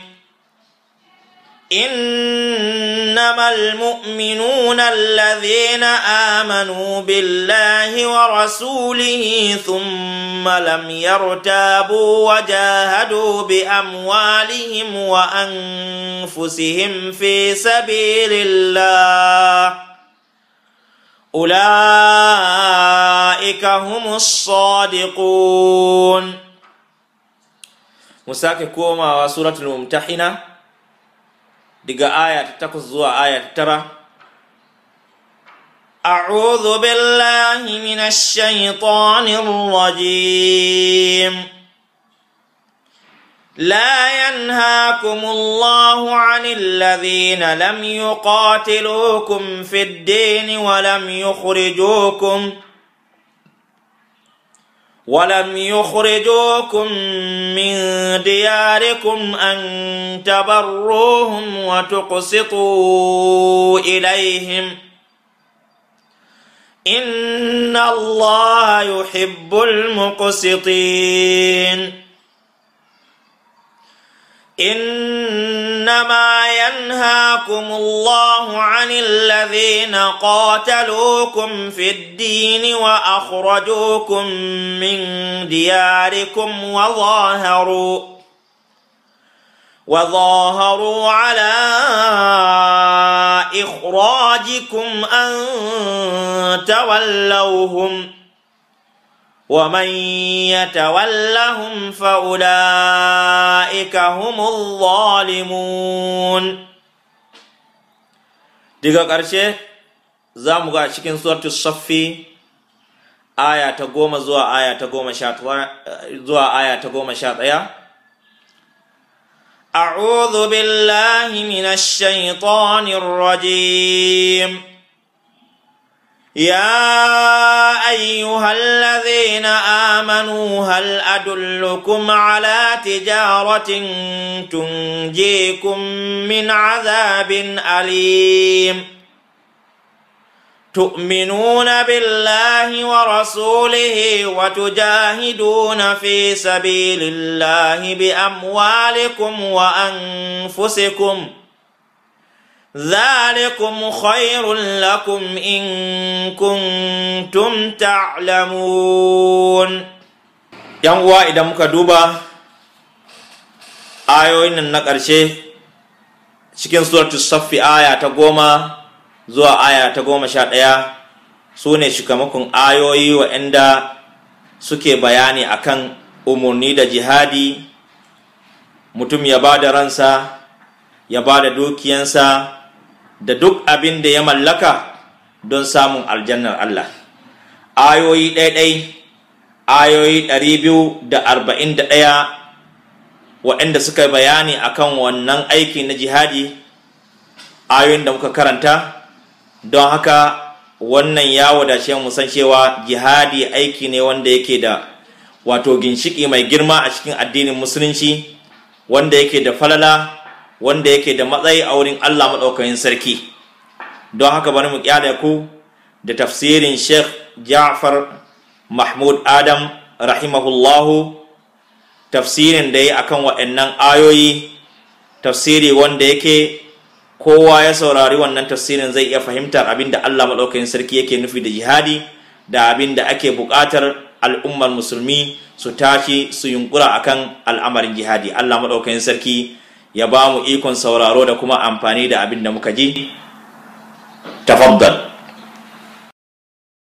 إنما المؤمنون الذين آمنوا بالله ورسوله ثم لم يرتابوا وجاهدوا بأموالهم وأنفسهم في سبيل الله ula'ika humus sadiqun mu sake komawa suratul mumtahina daga aya ta takwas zuwa aya ta tara أعوذ بالله من الشيطان الرجيم لا ينهاكم الله عن الذين لم يقاتلوكم في الدين ولم يخرجوكم ولم يخرجوكم من دياركم أن تبروهم وتقسطوا إليهم إن الله يحب المقسطين إنما ينهاكم الله عن الذين قاتلوكم في الدين وأخرجوكم من دياركم وظاهروا وظاهروا على إخراجكم أن تولوهم ۖ wa man yatawallahum fa ulai ka humul zalimun diga karshe za mu ga cikin suratul saffi aya ta goma zuwa aya ta goma sha ɗaya. zuwa aya ta rajim يا أيها الذين آمنوا هل أدلكم على تجارة تنجيكم من عذاب أليم تؤمنون بالله ورسوله وتجاهدون في سبيل الله بأموالكم وأنفسكم ۖ ذلكم خير لكم إن كنتم تعلمون uwa idan muka duba ayoyin nan na ƙarshe cikin suratu saffi aya ta goma zuwa aya ta goma sha ɗaya su ne shikamakon ayoyi waɗanda suke bayani akan umarni da jihadi mutum ya ba da ransa ya ba da dukiyansa da duk abin da ya mallaka don samun aljannar Allah ayoyi ɗaiɗai ayoyi ɗari biyu da arba'in da ɗaya waɗanda suka bayani akan wannan aiki na jihadi ayoyin da muka karanta don haka wannan ya wadace mu san cewa jihadi aiki ne wanda yake da wato ginshiki mai girma a cikin addinin musulunci wanda yake da falala wanda yake da matsayi a wurin Allah maɗaukakin sarki don haka bari mu kyale ku da tafsirin Sheikh Ja'far Mahmud Adam rahimahullahu tafsirin da yi akan waɗannan ayoyi tafsiri wanda yake kowa ya saurari wannan tafsirin zai iya fahimtar abin da Allah maɗaukakin sarki yake nufi da jihadi da abin da ake buƙatar al'ummar musulmi su tashi su yunkura akan al'amarin jihadi Allah maɗaukakin sarki ya ba mu ikon sauraro da kuma amfani da abin da muka ji tafaddal